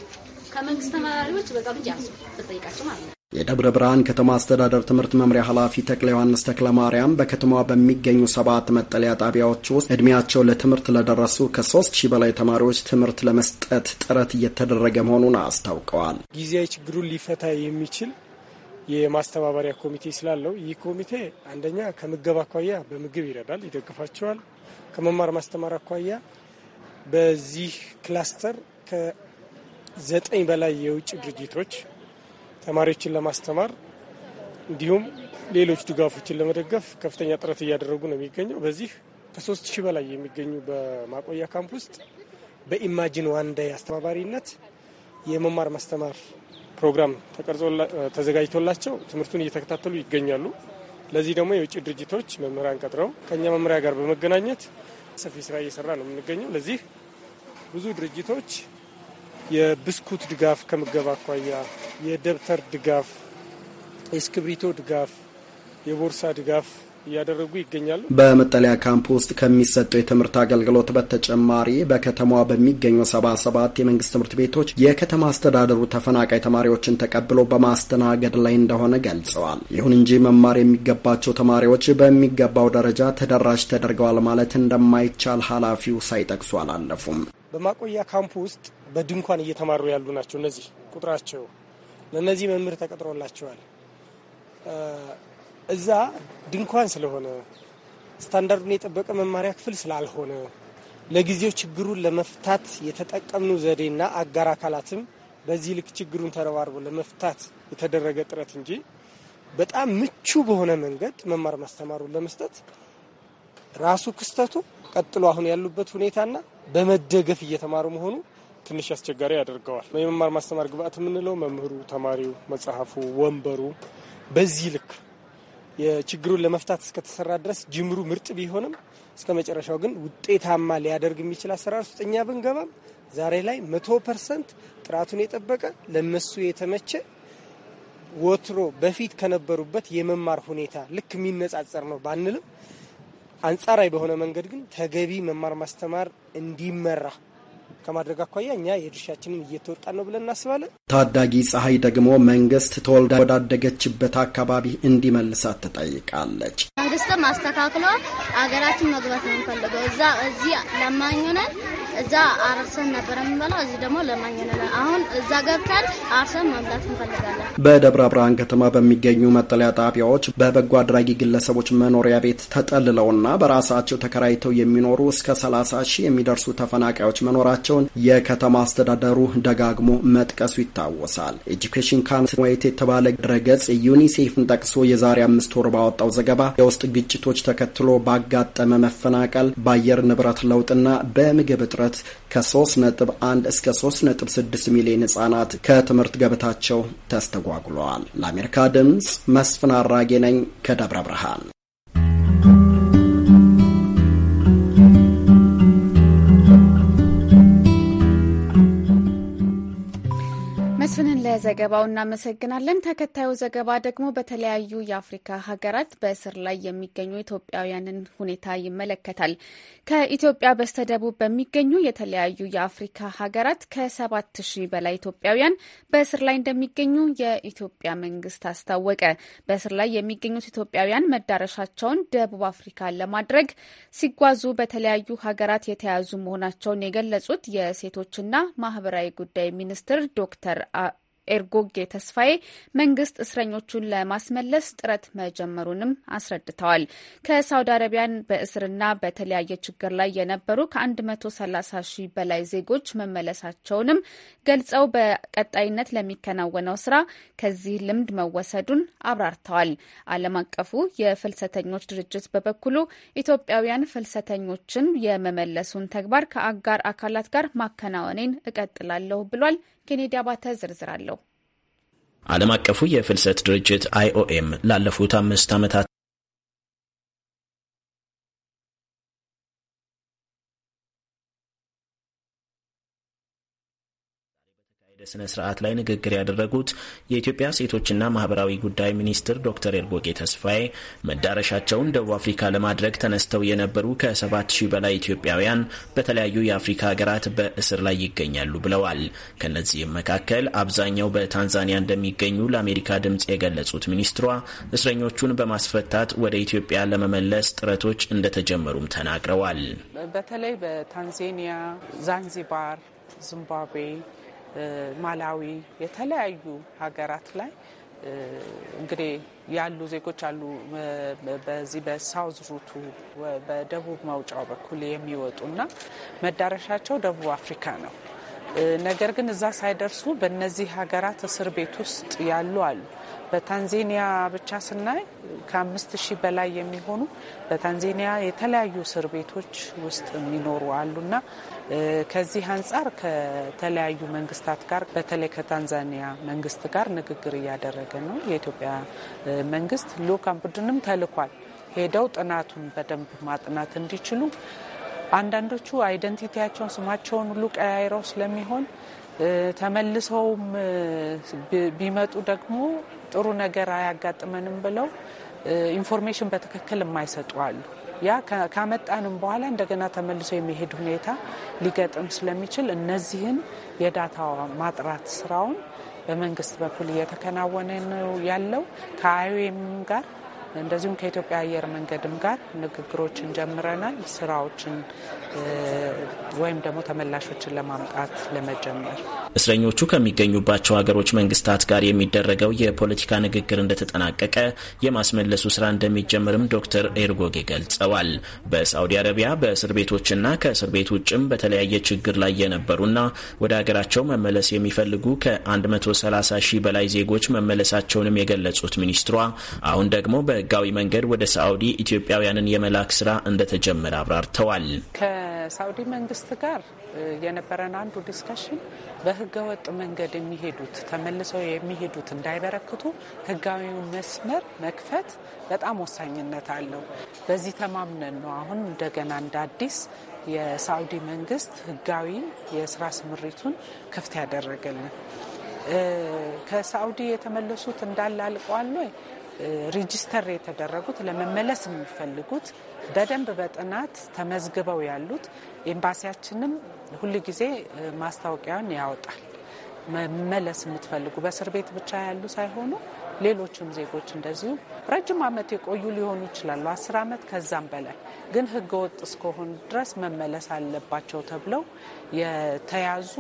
ከመንግስት ተማሪዎች በጣም እንጂ ያሱ ትጠይቃቸው ማለት ነው የደብረ ብርሃን ከተማ አስተዳደር ትምህርት መምሪያ ኃላፊ ተክለ ዮሐንስ ተክለ ማርያም በከተማዋ በሚገኙ ሰባት መጠለያ ጣቢያዎች ውስጥ እድሜያቸው ለትምህርት ለደረሱ ከሶስት ሺህ በላይ ተማሪዎች ትምህርት ለመስጠት ጥረት እየተደረገ መሆኑን አስታውቀዋል። ጊዜያዊ ችግሩን ሊፈታ የሚችል የማስተባበሪያ ኮሚቴ ስላለው ይህ ኮሚቴ አንደኛ ከምገብ አኳያ በምግብ ይረዳል፣ ይደግፋቸዋል። ከመማር ማስተማር አኳያ በዚህ ክላስተር ከዘጠኝ በላይ የውጭ ድርጅቶች ተማሪዎችን ለማስተማር እንዲሁም ሌሎች ድጋፎችን ለመደገፍ ከፍተኛ ጥረት እያደረጉ ነው የሚገኘው። በዚህ ከሶስት ሺህ በላይ የሚገኙ በማቆያ ካምፕ ውስጥ በኢማጂን ዋንዳይ አስተባባሪነት የመማር ማስተማር ፕሮግራም ተዘጋጅቶላቸው ትምህርቱን እየተከታተሉ ይገኛሉ። ለዚህ ደግሞ የውጭ ድርጅቶች መምህራን ቀጥረው ከእኛ መምሪያ ጋር በመገናኘት ሰፊ ስራ እየሰራ ነው የምንገኘው። ለዚህ ብዙ ድርጅቶች የብስኩት ድጋፍ ከምገብ አኳያ፣ የደብተር ድጋፍ፣ የእስክብሪቶ ድጋፍ፣ የቦርሳ ድጋፍ እያደረጉ ይገኛሉ። በመጠለያ ካምፕ ውስጥ ከሚሰጠው የትምህርት አገልግሎት በተጨማሪ በከተማዋ በሚገኙ ሰባ ሰባት የመንግስት ትምህርት ቤቶች የከተማ አስተዳደሩ ተፈናቃይ ተማሪዎችን ተቀብሎ በማስተናገድ ላይ እንደሆነ ገልጸዋል። ይሁን እንጂ መማር የሚገባቸው ተማሪዎች በሚገባው ደረጃ ተደራሽ ተደርገዋል ማለት እንደማይቻል ኃላፊው ሳይጠቅሱ አላለፉም። በማቆያ ካምፕ ውስጥ በድንኳን እየተማሩ ያሉ ናቸው። እነዚህ ቁጥራቸው ለእነዚህ መምህር ተቀጥሮላቸዋል። እዛ ድንኳን ስለሆነ ስታንዳርዱን የጠበቀ መማሪያ ክፍል ስላልሆነ ለጊዜው ችግሩን ለመፍታት የተጠቀምነው ዘዴና አጋር አካላትም በዚህ ልክ ችግሩን ተረባርቦ ለመፍታት የተደረገ ጥረት እንጂ በጣም ምቹ በሆነ መንገድ መማር ማስተማሩን ለመስጠት ራሱ ክስተቱ ቀጥሎ አሁን ያሉበት ሁኔታና በመደገፍ እየተማሩ መሆኑ ትንሽ አስቸጋሪ ያደርገዋል። የመማር ማስተማር ግብአት የምንለው መምህሩ፣ ተማሪው፣ መጽሐፉ፣ ወንበሩ በዚህ ልክ የችግሩን ለመፍታት እስከተሰራ ድረስ ጅምሩ ምርጥ ቢሆንም እስከ መጨረሻው ግን ውጤታማ ሊያደርግ የሚችል አሰራር ውስጥ እኛ ብንገባም ዛሬ ላይ መቶ ፐርሰንት ጥራቱን የጠበቀ ለነሱ የተመቸ ወትሮ በፊት ከነበሩበት የመማር ሁኔታ ልክ የሚነጻጸር ነው ባንልም አንጻራዊ በሆነ መንገድ ግን ተገቢ መማር ማስተማር እንዲመራ ከማድረግ አኳያ እኛ የድርሻችንን እየተወጣን ነው ብለን እናስባለን። ታዳጊ ፀሐይ ደግሞ መንግስት ተወልዳ ወዳደገችበት አካባቢ እንዲመልሳት ትጠይቃለች። መንግስትም አስተካክሎ አገራችን መግባት ነው እንፈልገው። እዛ እዚህ ለማኝ ሆነን እዛ አርሰን ነበር የምንበላው፣ እዚህ ደግሞ ለማኝ ሆነን አሁን እዛ ገብተን አርሰን መብላት እንፈልጋለን። በደብረ ብርሃን ከተማ በሚገኙ መጠለያ ጣቢያዎች በበጎ አድራጊ ግለሰቦች መኖሪያ ቤት ተጠልለውና በራሳቸው ተከራይተው የሚኖሩ እስከ ሰላሳ ሺህ የሚደርሱ ተፈናቃዮች መኖራቸው መሆናቸውን የከተማ አስተዳደሩ ደጋግሞ መጥቀሱ ይታወሳል። ኤጁኬሽን ካንስዌት የተባለ ድረገጽ ዩኒሴፍን ጠቅሶ የዛሬ አምስት ወር ባወጣው ዘገባ የውስጥ ግጭቶች ተከትሎ ባጋጠመ መፈናቀል፣ በአየር ንብረት ለውጥና በምግብ እጥረት ከ3.1 እስከ 3.6 ሚሊዮን ህጻናት ከትምህርት ገበታቸው ተስተጓጉለዋል። ለአሜሪካ ድምፅ መስፍን አራጌ ነኝ ከደብረ ብርሃን። መስፍንን ለዘገባው እናመሰግናለን። ተከታዩ ዘገባ ደግሞ በተለያዩ የአፍሪካ ሀገራት በእስር ላይ የሚገኙ ኢትዮጵያውያንን ሁኔታ ይመለከታል። ከኢትዮጵያ በስተደቡብ በሚገኙ የተለያዩ የአፍሪካ ሀገራት ከሰባት ሺህ በላይ ኢትዮጵያውያን በእስር ላይ እንደሚገኙ የኢትዮጵያ መንግስት አስታወቀ። በእስር ላይ የሚገኙት ኢትዮጵያውያን መዳረሻቸውን ደቡብ አፍሪካ ለማድረግ ሲጓዙ በተለያዩ ሀገራት የተያዙ መሆናቸውን የገለጹት የሴቶችና ማህበራዊ ጉዳይ ሚኒስትር ዶክተር ኤርጎጌ ተስፋዬ መንግስት እስረኞቹን ለማስመለስ ጥረት መጀመሩንም አስረድተዋል። ከሳውዲ አረቢያን በእስርና በተለያየ ችግር ላይ የነበሩ ከ130 ሺህ በላይ ዜጎች መመለሳቸውንም ገልጸው በቀጣይነት ለሚከናወነው ስራ ከዚህ ልምድ መወሰዱን አብራርተዋል። ዓለም አቀፉ የፍልሰተኞች ድርጅት በበኩሉ ኢትዮጵያውያን ፍልሰተኞችን የመመለሱን ተግባር ከአጋር አካላት ጋር ማከናወኔን እቀጥላለሁ ብሏል። ኬኔዲ አባተ ዝርዝር አለው። ዓለም አቀፉ የፍልሰት ድርጅት አይኦኤም ላለፉት አምስት ዓመታት በስነ ስርዓት ላይ ንግግር ያደረጉት የኢትዮጵያ ሴቶችና ማህበራዊ ጉዳይ ሚኒስትር ዶክተር ኤርጎጌ ተስፋዬ መዳረሻቸውን ደቡብ አፍሪካ ለማድረግ ተነስተው የነበሩ ከ7 ሺህ በላይ ኢትዮጵያውያን በተለያዩ የአፍሪካ ሀገራት በእስር ላይ ይገኛሉ ብለዋል። ከእነዚህም መካከል አብዛኛው በታንዛኒያ እንደሚገኙ ለአሜሪካ ድምፅ የገለጹት ሚኒስትሯ እስረኞቹን በማስፈታት ወደ ኢትዮጵያ ለመመለስ ጥረቶች እንደተጀመሩም ተናግረዋል። በተለይ በታንዛኒያ፣ ዛንዚባር፣ ዚምባብዌ ማላዊ፣ የተለያዩ ሀገራት ላይ እንግዲህ ያሉ ዜጎች አሉ። በዚህ በሳውዝ ሩቱ በደቡብ መውጫው በኩል የሚወጡ እና መዳረሻቸው ደቡብ አፍሪካ ነው። ነገር ግን እዛ ሳይደርሱ በእነዚህ ሀገራት እስር ቤት ውስጥ ያሉ አሉ። በታንዜኒያ ብቻ ስናይ ከአምስት ሺህ በላይ የሚሆኑ በታንዜኒያ የተለያዩ እስር ቤቶች ውስጥ የሚኖሩ አሉና ከዚህ አንጻር ከተለያዩ መንግስታት ጋር በተለይ ከታንዛኒያ መንግስት ጋር ንግግር እያደረገ ነው። የኢትዮጵያ መንግስት ልኡካን ቡድንም ተልኳል። ሄደው ጥናቱን በደንብ ማጥናት እንዲችሉ አንዳንዶቹ አይደንቲቲያቸውን ስማቸውን ሁሉ ቀያይረው ስለሚሆን ተመልሰውም ቢመጡ ደግሞ ጥሩ ነገር አያጋጥመንም ብለው ኢንፎርሜሽን በትክክል የማይሰጡ አሉ። ያ ካመጣንም በኋላ እንደገና ተመልሶ የሚሄድ ሁኔታ ሊገጥም ስለሚችል እነዚህን የዳታ ማጥራት ስራውን በመንግስት በኩል እየተከናወነ ነው ያለው ከአይኦኤም ጋር እንደዚሁም ከኢትዮጵያ አየር መንገድም ጋር ንግግሮችን ጀምረናል። ስራዎችን ወይም ደግሞ ተመላሾችን ለማምጣት ለመጀመር እስረኞቹ ከሚገኙባቸው ሀገሮች መንግስታት ጋር የሚደረገው የፖለቲካ ንግግር እንደተጠናቀቀ የማስመለሱ ስራ እንደሚጀምርም ዶክተር ኤርጎጌ ገልጸዋል። በሳውዲ አረቢያ በእስር ቤቶችና ከእስር ቤት ውጭም በተለያየ ችግር ላይ የነበሩና ወደ ሀገራቸው መመለስ የሚፈልጉ ከ130 ሺህ በላይ ዜጎች መመለሳቸውንም የገለጹት ሚኒስትሯ አሁን ደግሞ በ በህጋዊ መንገድ ወደ ሳዑዲ ኢትዮጵያውያንን የመላክ ስራ እንደተጀመረ አብራርተዋል። ከሳዑዲ መንግስት ጋር የነበረን አንዱ ዲስካሽን በህገወጥ መንገድ የሚሄዱት ተመልሰው የሚሄዱት እንዳይበረክቱ ህጋዊውን መስመር መክፈት በጣም ወሳኝነት አለው። በዚህ ተማምነን ነው አሁን እንደገና እንደ አዲስ የሳዑዲ መንግስት ህጋዊ የስራ ስምሪቱን ክፍት ያደረገልን። ከሳዑዲ የተመለሱት እንዳላልቀዋል ወይ? ሪጂስተር የተደረጉት ለመመለስ የሚፈልጉት በደንብ በጥናት ተመዝግበው ያሉት ኤምባሲያችንም ሁል ጊዜ ማስታወቂያን ያወጣል። መመለስ የምትፈልጉ በእስር ቤት ብቻ ያሉ ሳይሆኑ ሌሎችም ዜጎች እንደዚሁ ረጅም ዓመት የቆዩ ሊሆኑ ይችላሉ፣ አስር ዓመት ከዛም በላይ ግን ህገ ወጥ እስከሆኑ ድረስ መመለስ አለባቸው ተብለው የተያዙ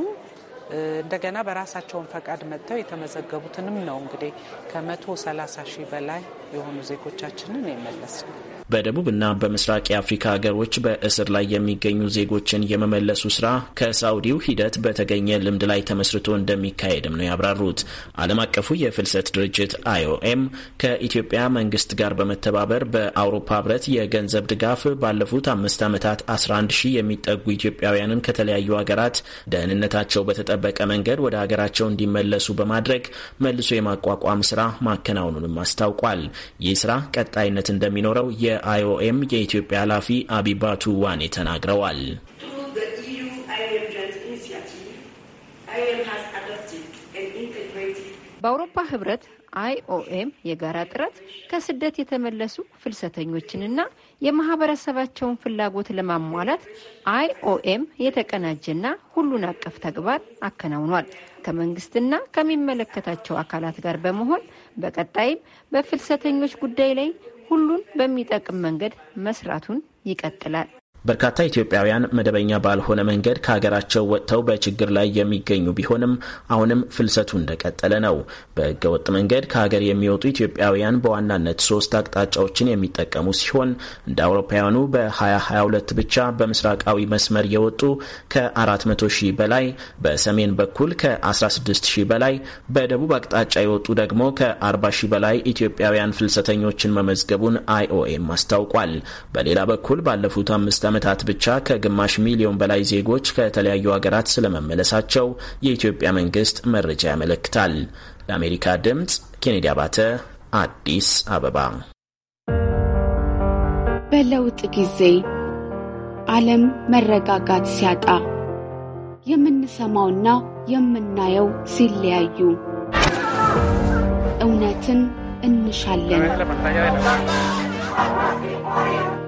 እንደገና በራሳቸውን ፈቃድ መጥተው የተመዘገቡትንም ነው እንግዲህ ከመቶ ሰላሳ ሺህ በላይ የሆኑ ዜጎቻችንን የመለስ ነው። በደቡብና በምስራቅ የአፍሪካ ሀገሮች በእስር ላይ የሚገኙ ዜጎችን የመመለሱ ስራ ከሳውዲው ሂደት በተገኘ ልምድ ላይ ተመስርቶ እንደሚካሄድም ነው ያብራሩት። ዓለም አቀፉ የፍልሰት ድርጅት አይኦኤም ከኢትዮጵያ መንግስት ጋር በመተባበር በአውሮፓ ህብረት የገንዘብ ድጋፍ ባለፉት አምስት ዓመታት 11 ሺህ የሚጠጉ ኢትዮጵያውያንን ከተለያዩ ሀገራት ደህንነታቸው በተጠበቀ መንገድ ወደ ሀገራቸው እንዲመለሱ በማድረግ መልሶ የማቋቋም ስራ ማከናወኑንም አስታውቋል። ይህ ስራ ቀጣይነት እንደሚኖረው የ የአይኦኤም የኢትዮጵያ ኃላፊ አቢባቱ ዋኔ ተናግረዋል። በአውሮፓ ህብረት አይኦኤም የጋራ ጥረት ከስደት የተመለሱ ፍልሰተኞችንና የማህበረሰባቸውን ፍላጎት ለማሟላት አይኦኤም የተቀናጀና ሁሉን አቀፍ ተግባር አከናውኗል። ከመንግስትና ከሚመለከታቸው አካላት ጋር በመሆን በቀጣይም በፍልሰተኞች ጉዳይ ላይ ሁሉን በሚጠቅም መንገድ መስራቱን ይቀጥላል። በርካታ ኢትዮጵያውያን መደበኛ ባልሆነ መንገድ ከሀገራቸው ወጥተው በችግር ላይ የሚገኙ ቢሆንም አሁንም ፍልሰቱ እንደቀጠለ ነው። በህገወጥ መንገድ ከሀገር የሚወጡ ኢትዮጵያውያን በዋናነት ሶስት አቅጣጫዎችን የሚጠቀሙ ሲሆን እንደ አውሮፓውያኑ በ2022 ብቻ በምስራቃዊ መስመር የወጡ ከ400 ሺህ በላይ፣ በሰሜን በኩል ከ16 ሺህ በላይ፣ በደቡብ አቅጣጫ የወጡ ደግሞ ከ40 ሺህ በላይ ኢትዮጵያውያን ፍልሰተኞችን መመዝገቡን አይኦኤም አስታውቋል። በሌላ በኩል ባለፉት አምስት ዓመታት ብቻ ከግማሽ ሚሊዮን በላይ ዜጎች ከተለያዩ ሀገራት ስለመመለሳቸው የኢትዮጵያ መንግስት መረጃ ያመለክታል። ለአሜሪካ ድምፅ ኬኔዲ አባተ አዲስ አበባ። በለውጥ ጊዜ ዓለም መረጋጋት ሲያጣ የምንሰማውና የምናየው ሲለያዩ እውነትን እንሻለን።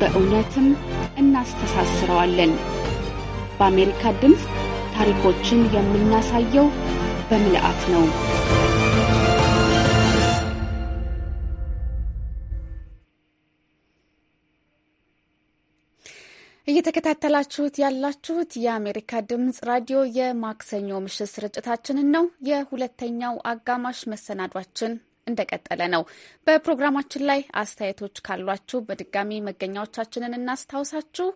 በእውነትም እናስተሳስረዋለን። በአሜሪካ ድምፅ ታሪኮችን የምናሳየው በምልአት ነው። እየተከታተላችሁት ያላችሁት የአሜሪካ ድምፅ ራዲዮ የማክሰኞ ምሽት ስርጭታችንን ነው። የሁለተኛው አጋማሽ መሰናዷችን እንደቀጠለ ነው። በፕሮግራማችን ላይ አስተያየቶች ካሏችሁ በድጋሚ መገኛዎቻችንን እናስታውሳችሁ።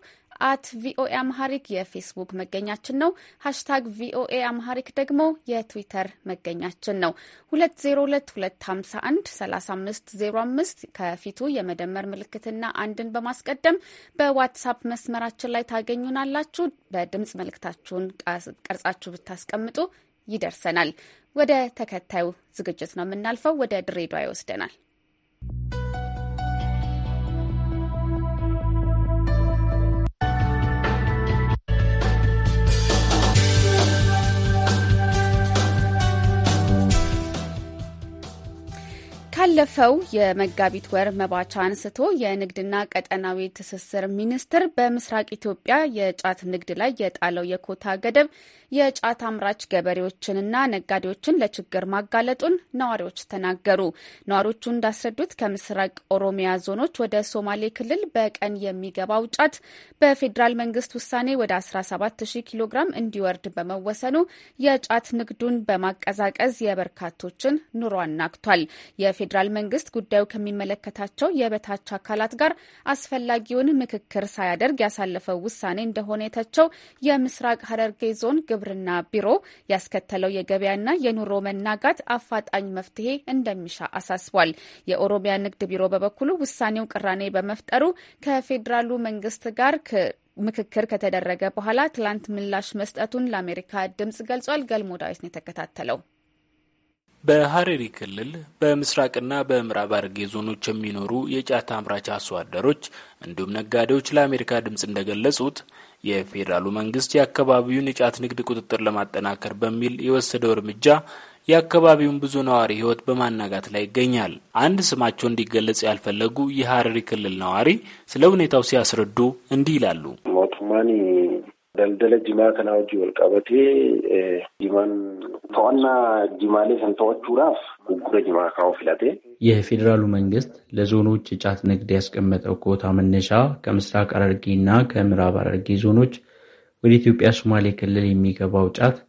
አት ቪኦኤ አምሃሪክ የፌስቡክ መገኛችን ነው። ሀሽታግ ቪኦኤ አምሃሪክ ደግሞ የትዊተር መገኛችን ነው። 2022513505 ከፊቱ የመደመር ምልክትና አንድን በማስቀደም በዋትሳፕ መስመራችን ላይ ታገኙናላችሁ። በድምፅ መልእክታችሁን ቀርጻችሁ ብታስቀምጡ ይደርሰናል። ወደ ተከታዩ ዝግጅት ነው የምናልፈው። ወደ ድሬዳዋ ይወስደናል። ካለፈው የመጋቢት ወር መባቻ አንስቶ የንግድና ቀጠናዊ ትስስር ሚኒስቴር በምስራቅ ኢትዮጵያ የጫት ንግድ ላይ የጣለው የኮታ ገደብ የጫት አምራች ገበሬዎችንና ነጋዴዎችን ለችግር ማጋለጡን ነዋሪዎች ተናገሩ። ነዋሪዎቹ እንዳስረዱት ከምስራቅ ኦሮሚያ ዞኖች ወደ ሶማሌ ክልል በቀን የሚገባው ጫት በፌዴራል መንግስት ውሳኔ ወደ 170 ኪሎ ግራም እንዲወርድ በመወሰኑ የጫት ንግዱን በማቀዛቀዝ የበርካቶችን ኑሮ አናግቷል። የፌዴራል መንግስት ጉዳዩ ከሚመለከታቸው የበታች አካላት ጋር አስፈላጊውን ምክክር ሳያደርግ ያሳለፈው ውሳኔ እንደሆነ የተቸው የምስራቅ ሐረርጌ ዞን ግብርና ቢሮ ያስከተለው የገበያና የኑሮ መናጋት አፋጣኝ መፍትሄ እንደሚሻ አሳስቧል። የኦሮሚያ ንግድ ቢሮ በበኩሉ ውሳኔው ቅራኔ በመፍጠሩ ከፌዴራሉ መንግስት ጋር ምክክር ከተደረገ በኋላ ትላንት ምላሽ መስጠቱን ለአሜሪካ ድምጽ ገልጿል። ገልሞ ዳዊት ነው የተከታተለው። በሐረሪ ክልል በምስራቅና በምዕራብ አርጌ ዞኖች የሚኖሩ የጫት አምራች አርሶ አደሮች እንዲሁም ነጋዴዎች ለአሜሪካ ድምፅ እንደገለጹት የፌዴራሉ መንግስት የአካባቢውን የጫት ንግድ ቁጥጥር ለማጠናከር በሚል የወሰደው እርምጃ የአካባቢውን ብዙ ነዋሪ ህይወት በማናጋት ላይ ይገኛል። አንድ ስማቸው እንዲገለጽ ያልፈለጉ የሐረሪ ክልል ነዋሪ ስለ ሁኔታው ሲያስረዱ እንዲህ ይላሉ። Daldala jimaa kanaa hojii wal qabatee jimaan to'annaa jimaalee san to'achuudhaaf gurgura jimaa ካው filate. የፌዴራሉ መንግስት ለዞኖች የጫት ንግድ ያስቀመጠው ኮታ መነሻ ከምስራቅ ሐረርጌ እና ከምዕራብ ሐረርጌ ዞኖች ወደ ኢትዮጵያ ሶማሌ ክልል የሚገባው ጫት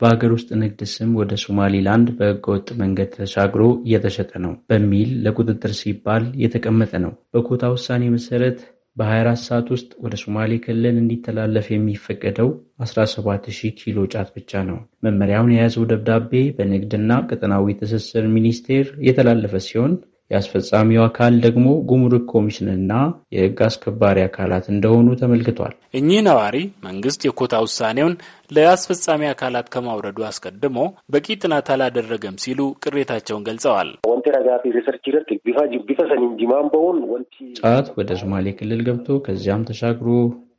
በሀገር ውስጥ ንግድ ስም ወደ ሶማሌላንድ በህገወጥ መንገድ ተሻግሮ እየተሸጠ ነው በሚል ለቁጥጥር ሲባል የተቀመጠ ነው። በኮታ ውሳኔ መሰረት በ24 ሰዓት ውስጥ ወደ ሶማሌ ክልል እንዲተላለፍ የሚፈቀደው 17,000 ኪሎ ጫት ብቻ ነው። መመሪያውን የያዘው ደብዳቤ በንግድና ቀጠናዊ ትስስር ሚኒስቴር የተላለፈ ሲሆን የአስፈጻሚው አካል ደግሞ ጉምሩክ ኮሚሽንና የሕግ አስከባሪ አካላት እንደሆኑ ተመልክቷል። እኚህ ነዋሪ መንግስት የኮታ ውሳኔውን ለአስፈጻሚ አካላት ከማውረዱ አስቀድሞ በቂ ጥናት አላደረገም ሲሉ ቅሬታቸውን ገልጸዋል። ጫት ወደ ሶማሌ ክልል ገብቶ ከዚያም ተሻግሮ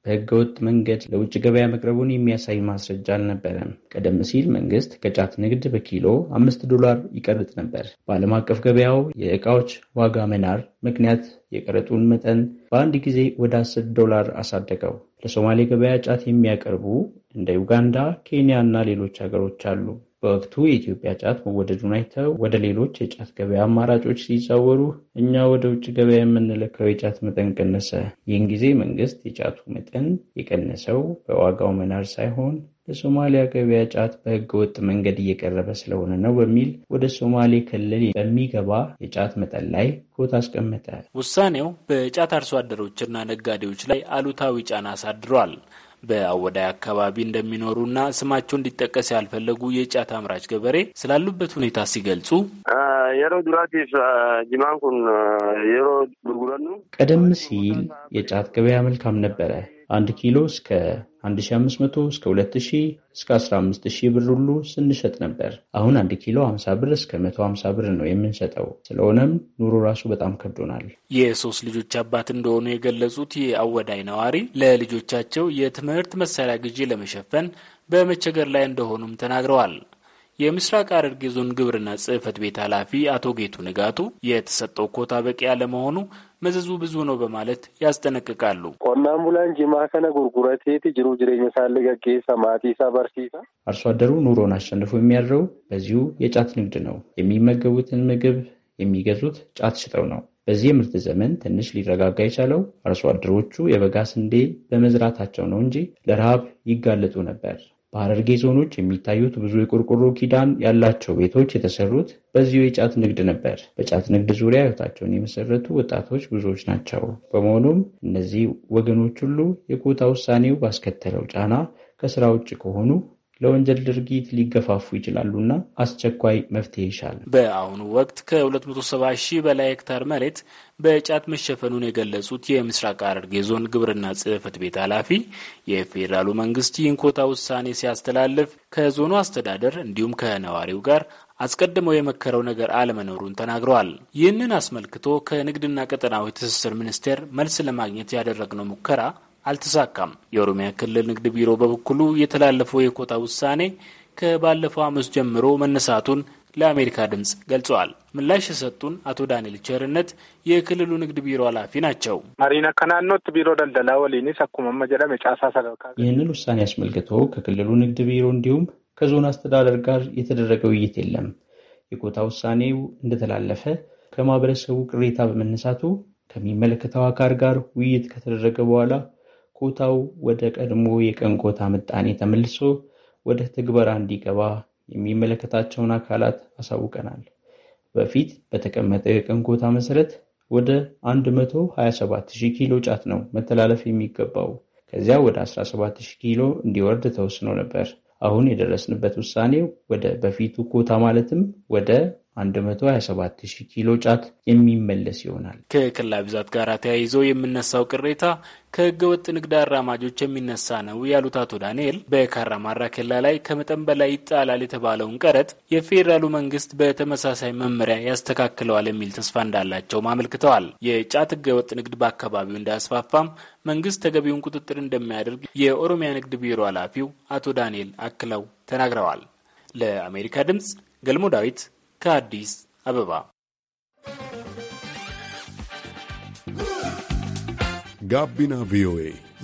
በህገወጥ መንገድ ለውጭ ገበያ መቅረቡን የሚያሳይ ማስረጃ አልነበረም። ቀደም ሲል መንግስት ከጫት ንግድ በኪሎ አምስት ዶላር ይቀርጥ ነበር። በዓለም አቀፍ ገበያው የእቃዎች ዋጋ መናር ምክንያት የቀረጡን መጠን በአንድ ጊዜ ወደ አስር ዶላር አሳደገው። ለሶማሌ ገበያ ጫት የሚያቀርቡ እንደ ዩጋንዳ፣ ኬንያ እና ሌሎች ሀገሮች አሉ። በወቅቱ የኢትዮጵያ ጫት መወደዱን አይተው ወደ ሌሎች የጫት ገበያ አማራጮች ሲዛወሩ እኛ ወደ ውጭ ገበያ የምንለካው የጫት መጠን ቀነሰ። ይህን ጊዜ መንግስት የጫቱ መጠን የቀነሰው በዋጋው መናር ሳይሆን ለሶማሊያ ገበያ ጫት በህገወጥ መንገድ እየቀረበ ስለሆነ ነው በሚል ወደ ሶማሌ ክልል በሚገባ የጫት መጠን ላይ ኮታ አስቀመጠ። ውሳኔው በጫት አርሶ አደሮችና ነጋዴዎች ላይ አሉታዊ ጫና አሳድሯል። በአወዳይ አካባቢ እንደሚኖሩና ስማቸው እንዲጠቀስ ያልፈለጉ የጫት አምራች ገበሬ ስላሉበት ሁኔታ ሲገልጹ የሮ ዱራቲፍ ጅማን ኩን የሮ ጉርጉረኑ ቀደም ሲል የጫት ገበያ መልካም ነበረ። አንድ ኪሎ እስከ እስከ 2000 እስከ 15000 ብር ሁሉ ስንሸጥ ነበር። አሁን አንድ ኪሎ 50 ብር እስከ 150 ብር ነው የምንሸጠው። ስለሆነም ኑሮ ራሱ በጣም ከብዶናል። የሶስት ልጆች አባት እንደሆኑ የገለጹት የአወዳይ ነዋሪ ለልጆቻቸው የትምህርት መሳሪያ ግዢ ለመሸፈን በመቸገር ላይ እንደሆኑም ተናግረዋል። የምስራቅ ሐረርጌ ዞን ግብርና ጽህፈት ቤት ኃላፊ አቶ ጌቱ ንጋቱ የተሰጠው ኮታ በቂ ያለመሆኑ መዘዙ ብዙ ነው በማለት ያስጠነቅቃሉ። ቆና ቡላን ጅማ ከነ ጉርጉረቴት ጅሩ ጅሬኝ ሳል ገጌሳ ማቲሳ በርሲሳ አርሶ አደሩ ኑሮን አሸንፎ የሚያድረው በዚሁ የጫት ንግድ ነው። የሚመገቡትን ምግብ የሚገዙት ጫት ሽጠው ነው። በዚህ የምርት ዘመን ትንሽ ሊረጋጋ የቻለው አርሶ አደሮቹ የበጋ ስንዴ በመዝራታቸው ነው እንጂ ለረሃብ ይጋለጡ ነበር። በሐረርጌ ዞኖች የሚታዩት ብዙ የቆርቆሮ ኪዳን ያላቸው ቤቶች የተሰሩት በዚሁ የጫት ንግድ ነበር። በጫት ንግድ ዙሪያ ህይወታቸውን የመሰረቱ ወጣቶች ብዙዎች ናቸው። በመሆኑም እነዚህ ወገኖች ሁሉ የኮታ ውሳኔው ባስከተለው ጫና ከስራ ውጭ ከሆኑ ለወንጀል ድርጊት ሊገፋፉ ይችላሉና አስቸኳይ መፍትሄ ይሻል። በአሁኑ ወቅት ከ270 ሺህ በላይ ሄክታር መሬት በጫት መሸፈኑን የገለጹት የምስራቅ ሐረርጌ ዞን ግብርና ጽሕፈት ቤት ኃላፊ የፌዴራሉ መንግስት ይህን ኮታ ውሳኔ ሲያስተላልፍ ከዞኑ አስተዳደር እንዲሁም ከነዋሪው ጋር አስቀድመው የመከረው ነገር አለመኖሩን ተናግረዋል። ይህንን አስመልክቶ ከንግድና ቀጠናዊ ትስስር ሚኒስቴር መልስ ለማግኘት ያደረግነው ሙከራ አልተሳካም። የኦሮሚያ ክልል ንግድ ቢሮ በበኩሉ የተላለፈው የኮታ ውሳኔ ከባለፈው ሐሙስ ጀምሮ መነሳቱን ለአሜሪካ ድምፅ ገልጸዋል። ምላሽ የሰጡን አቶ ዳንኤል ቸርነት የክልሉ ንግድ ቢሮ ኃላፊ ናቸው። መሪን ከናኖት ቢሮ ደልደላ ወሊኒስ አኩመመ ጀዳም የጫሳ ሰደርካ ይህንን ውሳኔ አስመልክቶ ከክልሉ ንግድ ቢሮ እንዲሁም ከዞን አስተዳደር ጋር የተደረገ ውይይት የለም። የኮታ ውሳኔው እንደተላለፈ ከማህበረሰቡ ቅሬታ በመነሳቱ ከሚመለከተው አካል ጋር ውይይት ከተደረገ በኋላ ኮታው ወደ ቀድሞ የቀን ኮታ ምጣኔ ተመልሶ ወደ ትግበራ እንዲገባ የሚመለከታቸውን አካላት አሳውቀናል። በፊት በተቀመጠው የቀን ኮታ መሰረት ወደ 127,000 ኪሎ ጫት ነው መተላለፍ የሚገባው። ከዚያ ወደ 17,000 ኪሎ እንዲወርድ ተወስኖ ነበር። አሁን የደረስንበት ውሳኔ ወደ በፊቱ ኮታ ማለትም ወደ 127 ኪሎ ጫት የሚመለስ ይሆናል። ከክላ ብዛት ጋር ተያይዞ የምነሳው ቅሬታ ከህገወጥ ንግድ አራማጆች የሚነሳ ነው ያሉት አቶ ዳንኤል በካራማራ ኬላ ላይ ከመጠን በላይ ይጣላል የተባለውን ቀረጥ የፌዴራሉ መንግስት በተመሳሳይ መመሪያ ያስተካክለዋል የሚል ተስፋ እንዳላቸውም አመልክተዋል። የጫት ህገወጥ ንግድ በአካባቢው እንዳያስፋፋም መንግስት ተገቢውን ቁጥጥር እንደሚያደርግ የኦሮሚያ ንግድ ቢሮ ኃላፊው አቶ ዳንኤል አክለው ተናግረዋል። ለአሜሪካ ድምጽ ገልሞ ዳዊት ከአዲስ አበባ ጋቢና ቪኦኤ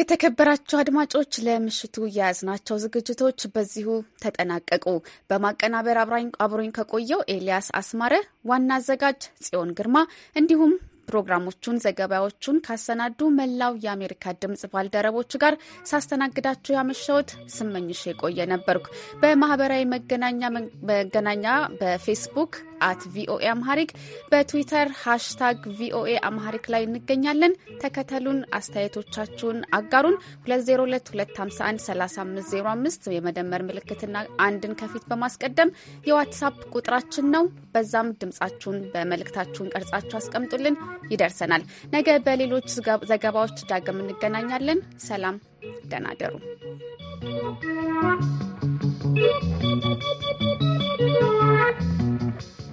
የተከበራቸው አድማጮች ለምሽቱ የያዝናቸው ዝግጅቶች በዚሁ ተጠናቀቁ። በማቀናበር አብራኝ አብሮኝ ከቆየው ኤልያስ አስማረ፣ ዋና አዘጋጅ ጽዮን ግርማ እንዲሁም ፕሮግራሞቹን ዘገባዎቹን ካሰናዱ መላው የአሜሪካ ድምጽ ባልደረቦች ጋር ሳስተናግዳችሁ ያመሸሁት ስመኝሽ የቆየ ነበርኩ። በማህበራዊ መገናኛ መገናኛ በፌስቡክ አት ቪኦኤ አምሃሪክ በትዊተር ሃሽታግ ቪኦኤ አምሃሪክ ላይ እንገኛለን። ተከተሉን፣ አስተያየቶቻችሁን አጋሩን። 2022513505 የመደመር ምልክትና አንድን ከፊት በማስቀደም የዋትሳፕ ቁጥራችን ነው። በዛም ድምጻችሁን በመልእክታችሁን ቀርጻችሁ አስቀምጡልን፣ ይደርሰናል። ነገ በሌሎች ዘገባዎች ዳግም እንገናኛለን። ሰላም፣ ደህና ደሩ።